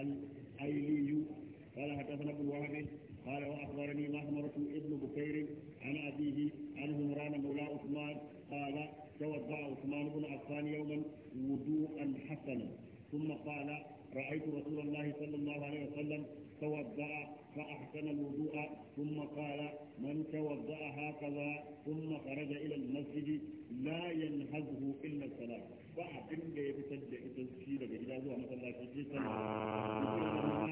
Speaker 1: الايلي قال حدثنا ابن وهب قال واخبرني مخمرة ابن بكير عن ابيه عن عمران مولى عثمان قال توضا عثمان بن عفان يوما وضوءا حسنا ثم قال رأيت رسول الله صلى الله عليه وسلم توضأ فأحسن الوضوء ثم قال من توضأ هكذا ثم خرج إلى المسجد لا ينهزه إلا الصلاة فأبن لي بتجد تسجيل إذا زوى مثلا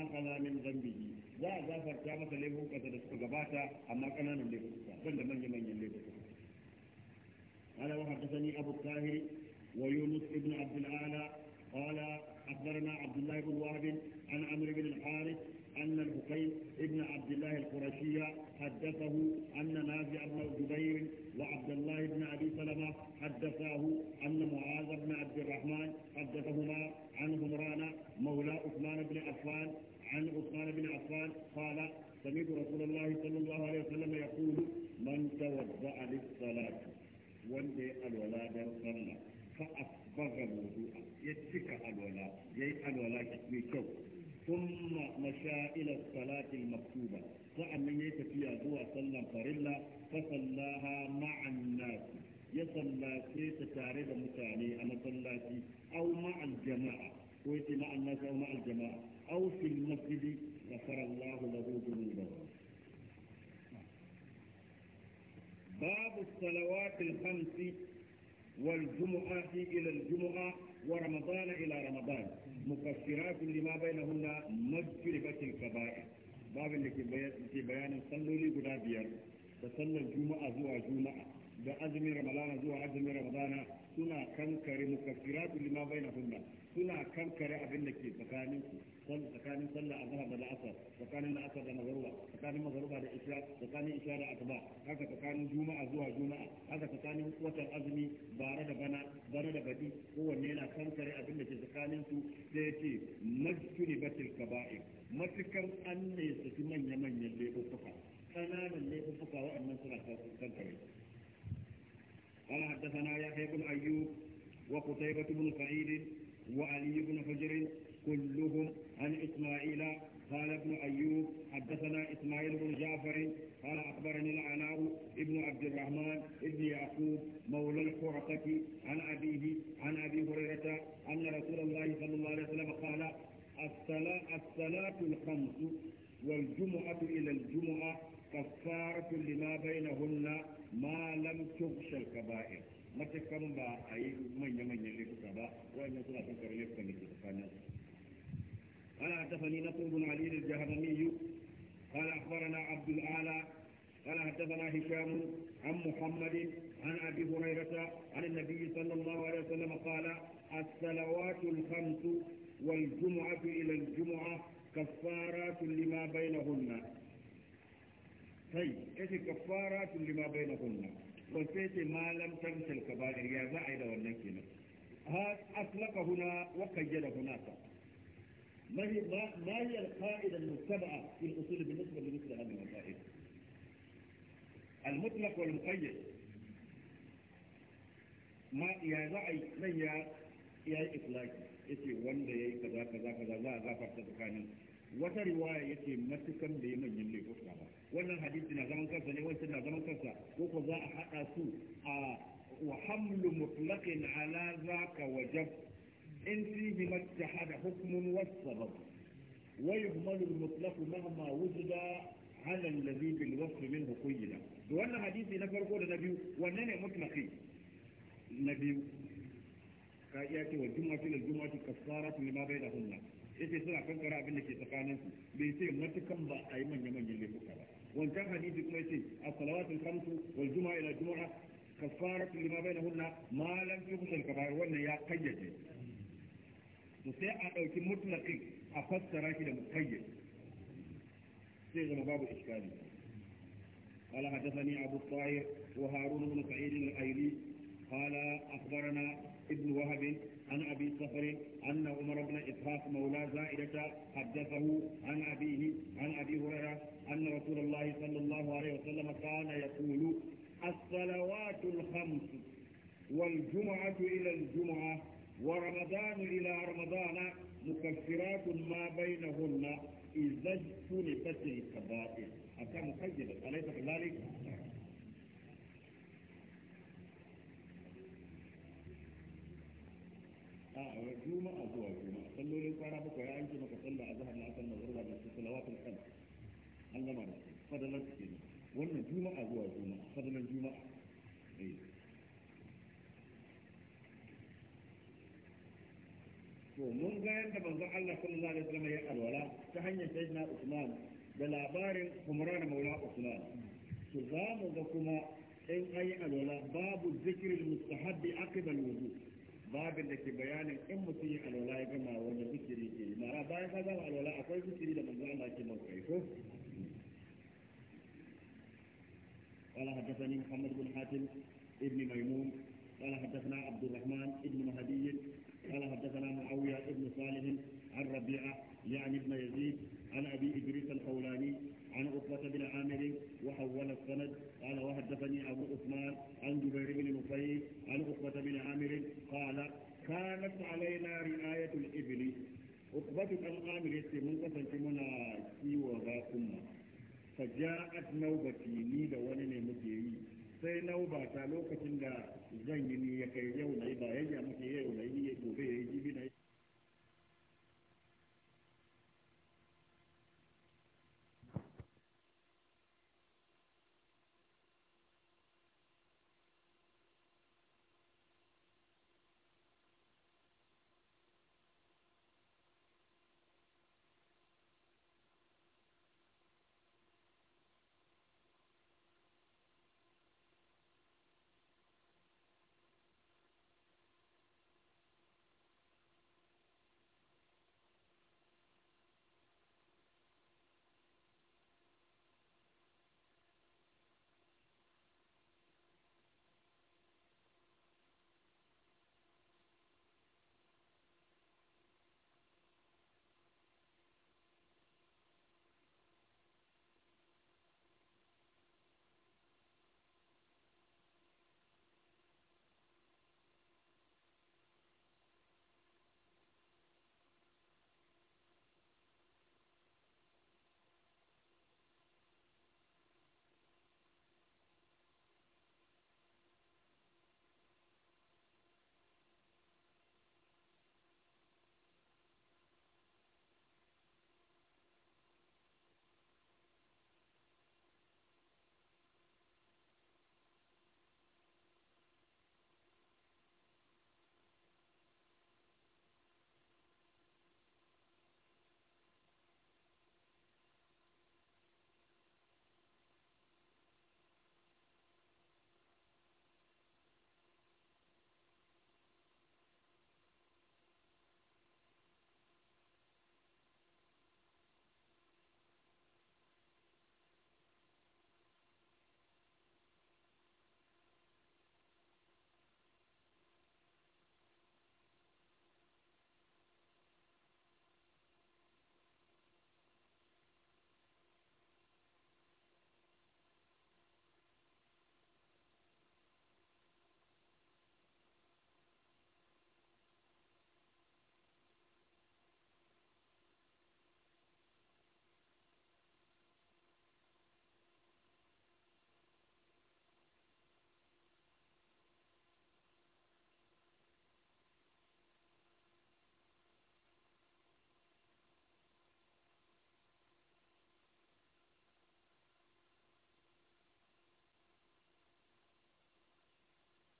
Speaker 1: هكذا من ذنبه za a gafarta masa laifukansa da suka gabata amma ƙananan laifuka ban da manya-manyan laifuka. قال وحدثني أبو الطاهر ويونس ابن عبد الأعلى قال أخبرنا عبد الله بن وهب عن عمرو بن الحارث أن البقيل ابن عبد الله القرشي حدثه أن نافع بن جبير وعبد الله بن أبي سلمة حدثاه أن معاذ بن عبد الرحمن حدثهما عن همران مولى عثمان بن عفان عن عثمان بن عفان قال سمعت رسول الله صلى الله عليه وسلم يقول من توضأ للصلاة وندي الولاد صلى فأفضل فرغ الوضوء يتفك الولاء يي الولاء mai kyau ثم مشى Salatin الصلاة المكتوبة sa'annan yi tafiya zuwa sallan farilla fa sallaha ma'an nas ya sallace ta tare da mutane a masallaci aw ma'al jama'a ko yace ma'an nas aw ma'al jama'a aw fil masjid ghafara Allahu lahu dhunubahu باب الصلوات الخمس والجمعة إلى الجمعة ورمضان إلى رمضان مفسرات لما بينهن مجربة الكبائر باب اللي في بيان صلولي قدا بيار فصلى الجمعة زوى جمعة da azumin ramadana zuwa azumin ramadana suna kankare mukaffiratun lima bainahunna suna kankare abin da ke tsakanin su tsakanin sallah zahar da la'asar tsakanin la'asar da magruba tsakanin magruba da isha tsakanin isha da asuba haka tsakanin juma'a zuwa juma'a haka tsakanin watan azumi bare da bana bare da badi kowanne yana kankare abin da ke tsakanin su sai ya ce majtuni batil kaba'ir matukan an ne su manya-manyan laifuffuka ƙananan laifuffuka waɗannan suna kankare قال حدثنا يحيى بن ايوب وقتيبة بن سعيد وعلي بن حجر كلهم عن إسماعيل قال ابن أيوب حدثنا إسماعيل بن جعفر قال أخبرني العناء ابن عبد الرحمن ابن يعقوب مولى الحرقة عن أبيه عن أبي هريرة أن رسول الله صلى الله عليه وسلم قال الصلاة الصلاة الخمس والجمعة إلى الجمعة كفارة لما بينهن ما لم تغش الكبائر matakan ba a yi manya-manyan laifuka ba wannan suna kankare laifukan da ke tsakanin قال حدثني نصر بن علي الجهرمي قال اخبرنا عبد الاعلى قال حدثنا هشام عن محمد عن ابي هريره عن النبي صلى الله عليه وسلم قال الصلوات الخمس والجمعه الى الجمعه كفارات لما بينهن. طيب ايش الكفارات لما بينهن؟ wace ce ma lantar shirka ba da riya za a yi da wannan ke nan ha asalaka huna wakar yi da huna ta na yi alfa’i da mutaba’a in usu da binu da binu da hannun wata’i almutlaka wani kwayar ma a yi nan ya yi islaki wanda ya yi kaza-kaza-kaza za a zafarta tsakanin wata riwaya ce matukan da ya manyan laifuka ba wannan hadisi na zaman kansa ne wancan na zaman kansa ko ko za a hada su a wa hamlu mutlaqin ala zaka wajab in bi matahada hukmun was wa yuhmalu mutlaq mahma wujida ala alladhi bil wasf minhu qayyida wannan hadisi na farko da na biyu wannan ne mutlaqi na biyu ka iya cewa juma'atul juma'atu kafaratu lima bainahunna yace suna kankara abin da ke tsakaninsu bai ce matukan ba a yi manya manyan laifuka ba wancan hadisi kuma yace a salawatu kamsu wal juma'a ila juma'a kafaratu lima bainahunna ma lam yukhsha al-kaba'ir wannan ya kayyade to sai a dauki mutlaqin a fassara shi da mukayyad sai zama babu iskali قال حدثني أبو الطاهر وهارون بن سعيد الأيلي قال أخبرنا ابن وهب عن أبي سفر أن عمر بن إسحاق مولى زائدة حدثه عن أبيه عن أبي هريرة أن رسول الله صلى الله عليه وسلم كان يقول الصلوات الخمس والجمعة إلى الجمعة ورمضان إلى رمضان مكفرات ما بينهن إذا اجتنبت الكبائر أكان مكذبا طيب، أليس كذلك؟ a wai juma'a zuwa juma'a sallolin kwana bakwai ya yanke maka sallah a zahar la'asar magharba da su salawatul khamsa an gama da su fadalar su kenan wannan juma'a zuwa juma'a fadalar juma'a eh. to mun ga yadda manzon Allah sallallahu alaihi wasallam ya alwala ta hanyar sayyidina Usman da labarin Umran Maula Usman to za mu ga kuma in ayi alwala babu zikirin mustahabbi aqibal wudu' babin da ke bayanin in mutum ya alola ya gama wanda zikiri ke yi mara bayan ka gama alola akwai zikiri da manzo Allah ke eh ko bin Hatim ibn maimun wala hadathana ibn Mahdiy wala hadathana Muawiya ibn Salih عن ربيعة يعني ابن يزيد عن أبي عن عقبة بن عامر وحول السند قال وحدثني أبو عثمان عن جبير بن نفيل عن عقبة بن عامر قال كانت علينا رناية الإبل عقبة بن عامر يسير من قسم منا سيوى فجاءت نوبتي لي دولني مجيئي sai na nauba ta lokacin da zan yi ni ya kai yau na yi ba yayya muke yau na yi gobe ya yi jibi na yi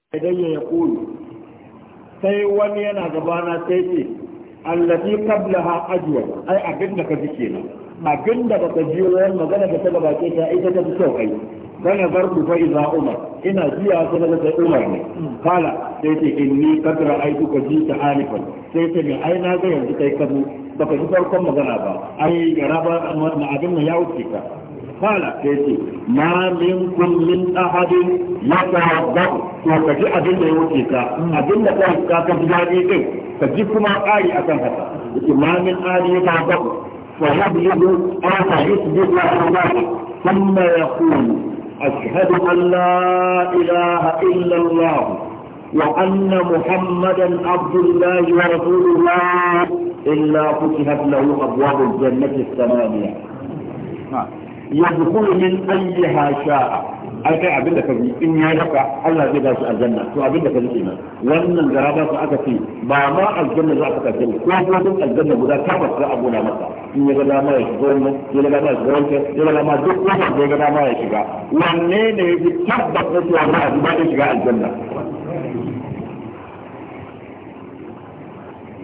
Speaker 1: idan ya kulu sai wani yana gabana sai ce allafi ha ajiyar ai abin da ka ji kenan abin da baka ji wannan magana da ta gabace ta ita ta fi kyau ai bar ku fa iza umar ina jiya sai daga sai umar ne kala sai ce inni ka ji ta alifan sai ce ne ai na ga yanzu kai baka ji farkon magana ba ai raba abin nan ya wuce ka قال كيتي ما منكم من أحد يتوضأ وكجي أبن يوكيكا أبن يوكيكا كجي كي كجي كما آي أكنك ما من أحد يتوضأ فيبلغ أو فيثبت الله ثم يقول أشهد أن لا إله إلا الله وأن محمدا عبد الله ورسول الله إلا فتحت له أبواب الجنة الثمانية نعم. يدخل من أيها شاء أكا عبد كذي إن يدفع الله زي داشي الجنة تو عبد الله كذي إيمان وأن الجرابة أكثي بعما الجنة لا تكثل وأن الجنة بدا كبس لأبونا مطا إن يقول ما يشغلنا يقول ما يشغلنا يقول ما يشغلنا يقول ما يشغلنا وأنني يتبقى في الله بدا يشغل الجنة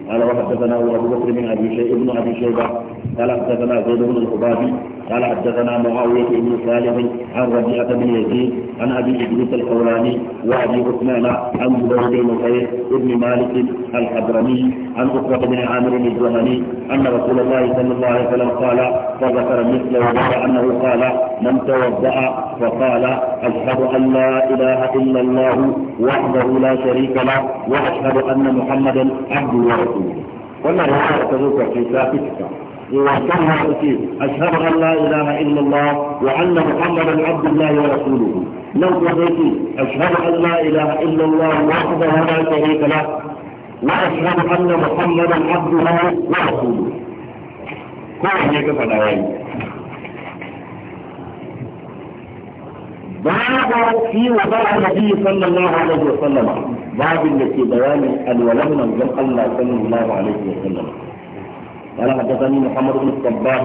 Speaker 1: قال وحدثنا ابو بكر بن ابي شيء ابن ابي شيبه قال حدثنا زيد بن الخبابي قال حدثنا معاويه بن سالم عن ربيعه بن يزيد عن ابي ادريس القولاني وابي عثمان عن جبير بن خير بن مالك الحضرمي عن عقبه بن عامر الجهني ان رسول الله صلى الله عليه وسلم قال فذكر مثله وذكر انه قال من توضا فقال اشهد ان لا اله الا الله وحده لا شريك له واشهد ان محمدا عبده ورسوله ورسوله wannan rana ta zo أشهد أن لا إله إلا الله وأن محمدا عبد الله ورسوله لو قضيت أشهد أن لا إله إلا الله وحده لا شريك له وأشهد أن محمدا عبد الله ورسوله كل هيك فلا يعني باب في وضع النبي صلى الله عليه وسلم باب التي بيان الولد من جمع الله صلى الله عليه وسلم قال حدثني محمد بن الصباح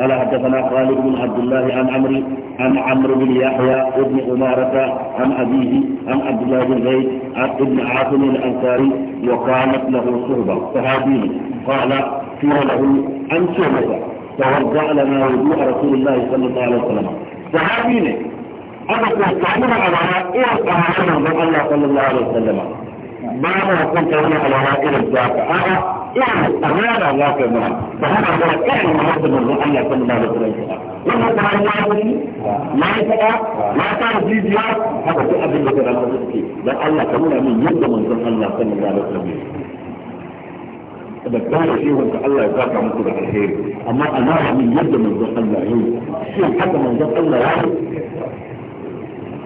Speaker 1: قال حدثنا خالد بن عبد الله عن عمرو عن عمرو بن يحيى بن أمارة عن أبيه عن عبد الله بن زيد عن ابن عاصم الأنصاري وقامت له صحبة صحابي قال قيل له عن شعبة توضأ لنا وضوء رسول الله صلى الله عليه وسلم صحابي أبقى تعلم الأمراء إلى الأمراء من الله صلى الله عليه وسلم بعد ما كنت هنا الأمراء إلى الزواج أرى يعني أمانة الله في المرأة فهذا هو كان المرد من الله صلى الله عليه وسلم لما تعالى الله عليه ما يسأل ما كان في زيارة هذا في أبي الله على رزقه بل الله كمونا من يبدو من الله صلى الله عليه وسلم da kare shi wanda Allah ya saka muku da alheri amma ana min yadda manzon Allah ya yi shin haka manzon Allah ya yi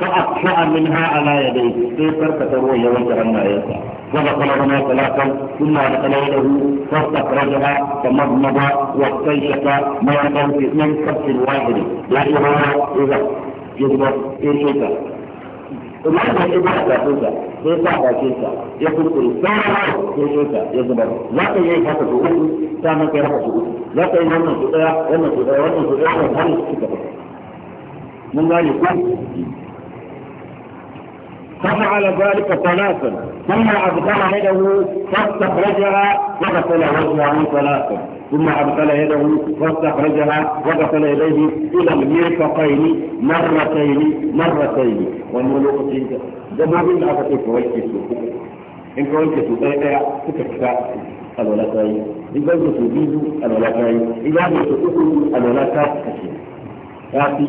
Speaker 1: فأقشع منها على يديه فيصر كتبه يوم ترمى يسعى فبقى لنا ثلاثا ثم أدخليته فاستخرجها فمضمض واستيشك ما يقوم في اثنين كبس واحد لا إذا إذا يجب إرشيك ماذا إذا أدخلت كيسا أدخلت يقول كل سارة كيسا يجب لا تجيب هذا الشؤون سامن كيسا الشؤون لا تجيب هذا الشؤون لا تجيب هذا الشؤون لا تجيب هذا الشؤون من ذلك ففعل ذلك ثلاثا ثم ابطل يده فاستخرجها وغسل وجهه ثلاثا ثم ابطل يده فاستخرجها وغسل يديه الى المرفقين مرتين مرتين والملوك تلك ده ما ان كنت تتابع تتكتا قالوا اذا كنت تريد قالوا اذا كنت تريد قالوا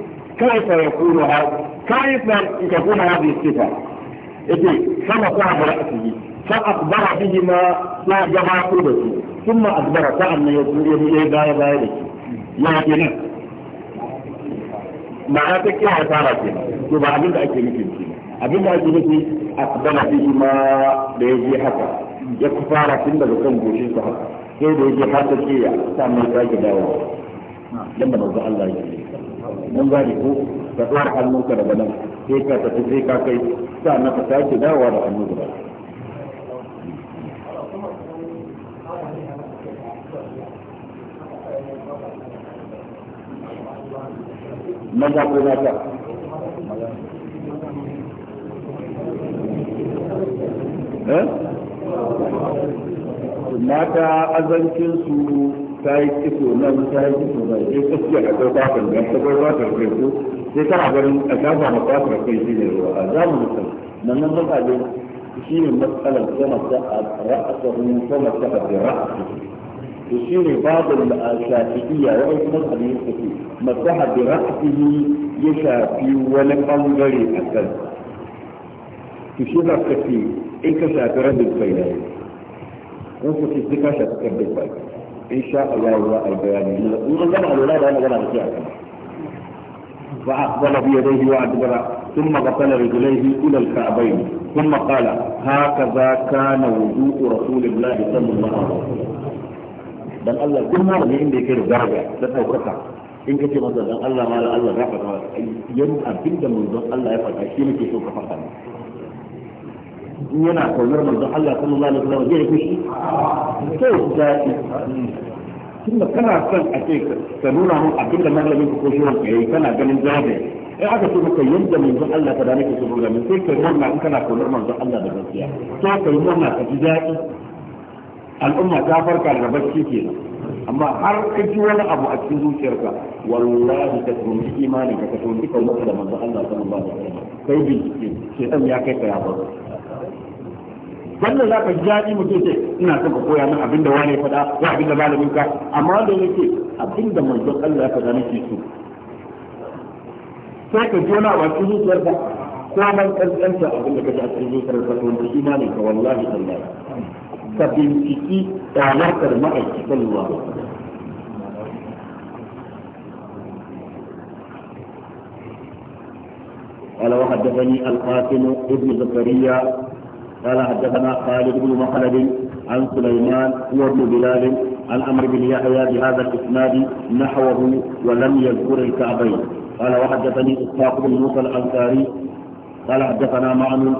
Speaker 1: كيف يكون هذا كيف تكون هذه الصفة إذن فنصاب رأسه فأخبر بهما ما جمع قلبه ثم أخبر كأن يقول يا بني باية يا جنة معناتك يا عطارة كنا يبقى أبين بأيك ممكن كنا أبين بأيك ممكن أخبر بهما بيجي حكا يكفار كنا بكم بوشي صحك كيف بيجي حكا كي أستعمل بايك داوة لما نوضع الله يجي mun gane ko ka tsara hannunka daga nan sai ka tafi sai ka kai sa na ka sake dawowa da hannu guda
Speaker 2: maza ko eh?
Speaker 1: mata mata su ta yi kiso nan ta yi kiso nan sai tsakiya a kai fatar da ta kai fatar kai ko sai kana ganin a shafa ma fatar kai shi ne ruwa a zamu mutum nan nan matsale shi ne matsalar sama ta a ra'asa hun sama ta a da ra'asa to shi ne babu da a shafi'iyya wani matsale ya tafi masaha da ra'asihi ya shafi wani bangare a kan to shi za ka ce in ka shafi rabin kai ne in ka ce sai ka shafi kan bai إن شاء الله البيان ونظر على الولادة أنا جمع فأقبل بيديه وعد ثم بطل رجليه إلى الكعبين ثم قال هكذا كان وجوء رسول الله صلى الله عليه وسلم dan Allah duk ma rabin da yake da ya da ɗaukaka in kace masa dan Allah ma la Allah za ka yi yin abin da mun Allah ya faɗa yana kaunar manzon Allah sallallahu alaihi wasallam zai kushi to zaki tunda kana son a ce ka nuna mun abinda malamin ku ko shirin ka yi kana ganin zabe in aka ce maka yadda manzon Allah ka da nake so ga sai ka nuna in kana kaunar manzon Allah da gaskiya to ka yi nuna ka ji zaki al'umma ta farka daga bacci kenan amma har ka ji wani abu a cikin zuciyarka wallahi ka tuni imanin ka ka tuni kaunar da manzon Allah sallallahu alaihi wasallam kai bi ke dan ya kai ka ya bar wannan za ka ji daɗi mutum ce ina son ka koya min abin da wani faɗa ko abin da malamin ka amma da yake abin da manzon Allah ya faɗa nake so sai ka ji wani abu a cikin zuciyarka ko man kankanta abin da ka ji a cikin zuciyarka to wanda imanin ka wallahi Allah ka binciki alaƙar ma'aiki sallallahu alaihi wasallam قال وحدثني القاسم ابن زكريا قال حدثنا خالد بن مخلد عن سليمان وابن بلال عن عمرو بن يحيى بهذا الاسناد نحوه ولم يذكر الكعبين قال وحدثني اسحاق بن موسى الانصاري قال حدثنا معن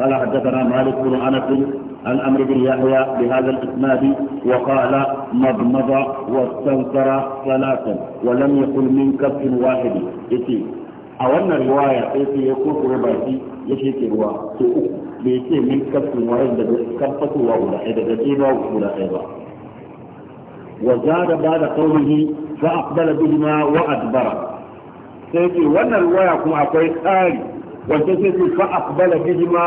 Speaker 1: قال حدثنا مالك بن انس عن عمرو بن يحيى بهذا الاسناد وقال مضمض واستنكر ثلاثا ولم يكن من كف واحد اتي a روايه riwaya sai sai ya kuskure bai ce min kafin wahid da karfatowa guda ɗaya daga jewa guda ɗaya ba wa zada ba da kaurihi fa aqbala bihima wa adbara sai ce wannan ruwaya kuma akwai tsari wanda sai ce fa aqbala bihima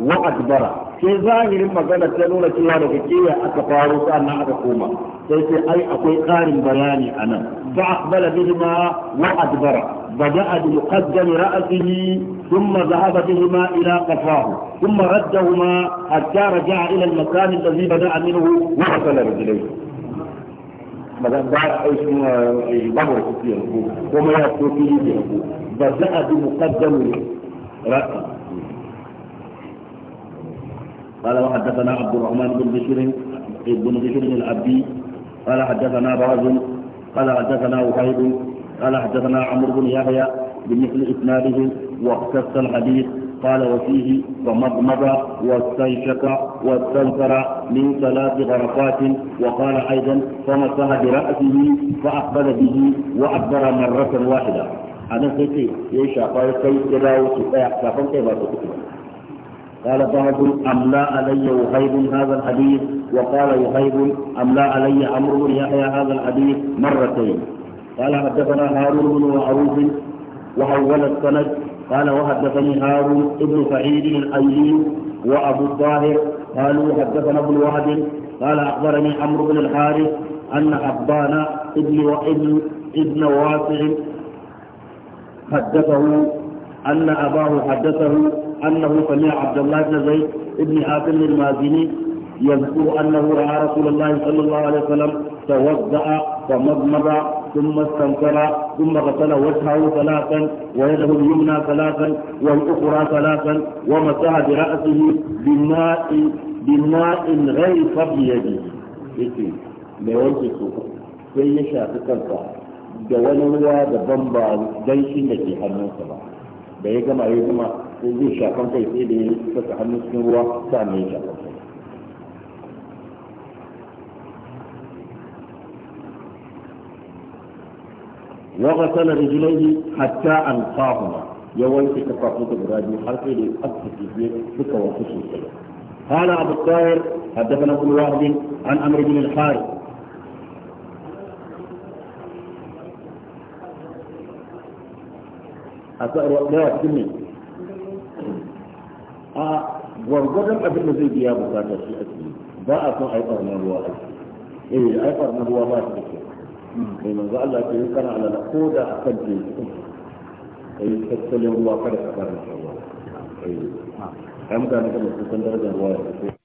Speaker 1: wa adbara sai zahirin magana ta nuna cewa daga kewa aka faro sannan aka koma sai ce ai akwai ƙarin bayani anan fa aqbala bihima wa adbara بدأ بمقدم رأسه ثم ذهب بهما إلى قفاه ثم ردهما حتى رجع إلى المكان الذي بدأ منه وغسل رجليه إيه، بدأ بمقدم رأسه قال وحدثنا عبد الرحمن بن بشير بن بشير العبدي قال حدثنا بعض قال حدثنا وحيد قال حدثنا عمرو بن يحيى بمثل إسناده واختص الحديث قال وفيه ومضمض واستنشق واستنثر من ثلاث غرفات وقال أيضا فمسح برأسه فأقبل به وأكبر مرة واحدة أنا سيتي يا شافعي كي تداو تباع شافعي كيف إيه إيه إيه قال بعض أملا علي وهيب هذا الحديث وقال وهيب أملا علي عمرو بن يحيى هذا الحديث مرتين قال حدثنا هارون بن معروف وحول السند قال وحدثني هارون ابن سعيد الايلي وابو الطاهر قالوا حدثنا ابن وهب قال اخبرني عمرو بن الحارث ان حبان ابن وابن ابن واسع حدثه ان اباه حدثه انه سمع عبد الله بن زيد بن حاتم المازني يذكر انه راى رسول الله صلى الله عليه وسلم توضا فمضمض ثم استنكر ثم غسل وجهه ثلاثا ويده اليمنى ثلاثا والاخرى ثلاثا ومسح براسه بماء بماء غير قبل يده ما وجهه في يشاف كلفا دولوا دبنبا جيش نجي حنو سبا بيجمع يجمع يشاف كلفا يسيدي فتح النسكين وقتا ميشاف كلفا وغسل رجليه حتى أنقاهما يوم في تفاقوت برادي حرفي لأبسط في فكا وفشل قال أبو الطاهر حدثنا كل واحد عن أمر بن الحارث أسأل الله كمي آه وانقدم أبن زي ديابه كانت في أسلي باء أصنع أي قرن الواحد إيه أي قرن الواحد mai manzo Allah ke yi kana alala ko da a kan teku ka tattalin ruwa kada ka karanta ruwa ai mutane kuma sun san darajar ruwa ya fito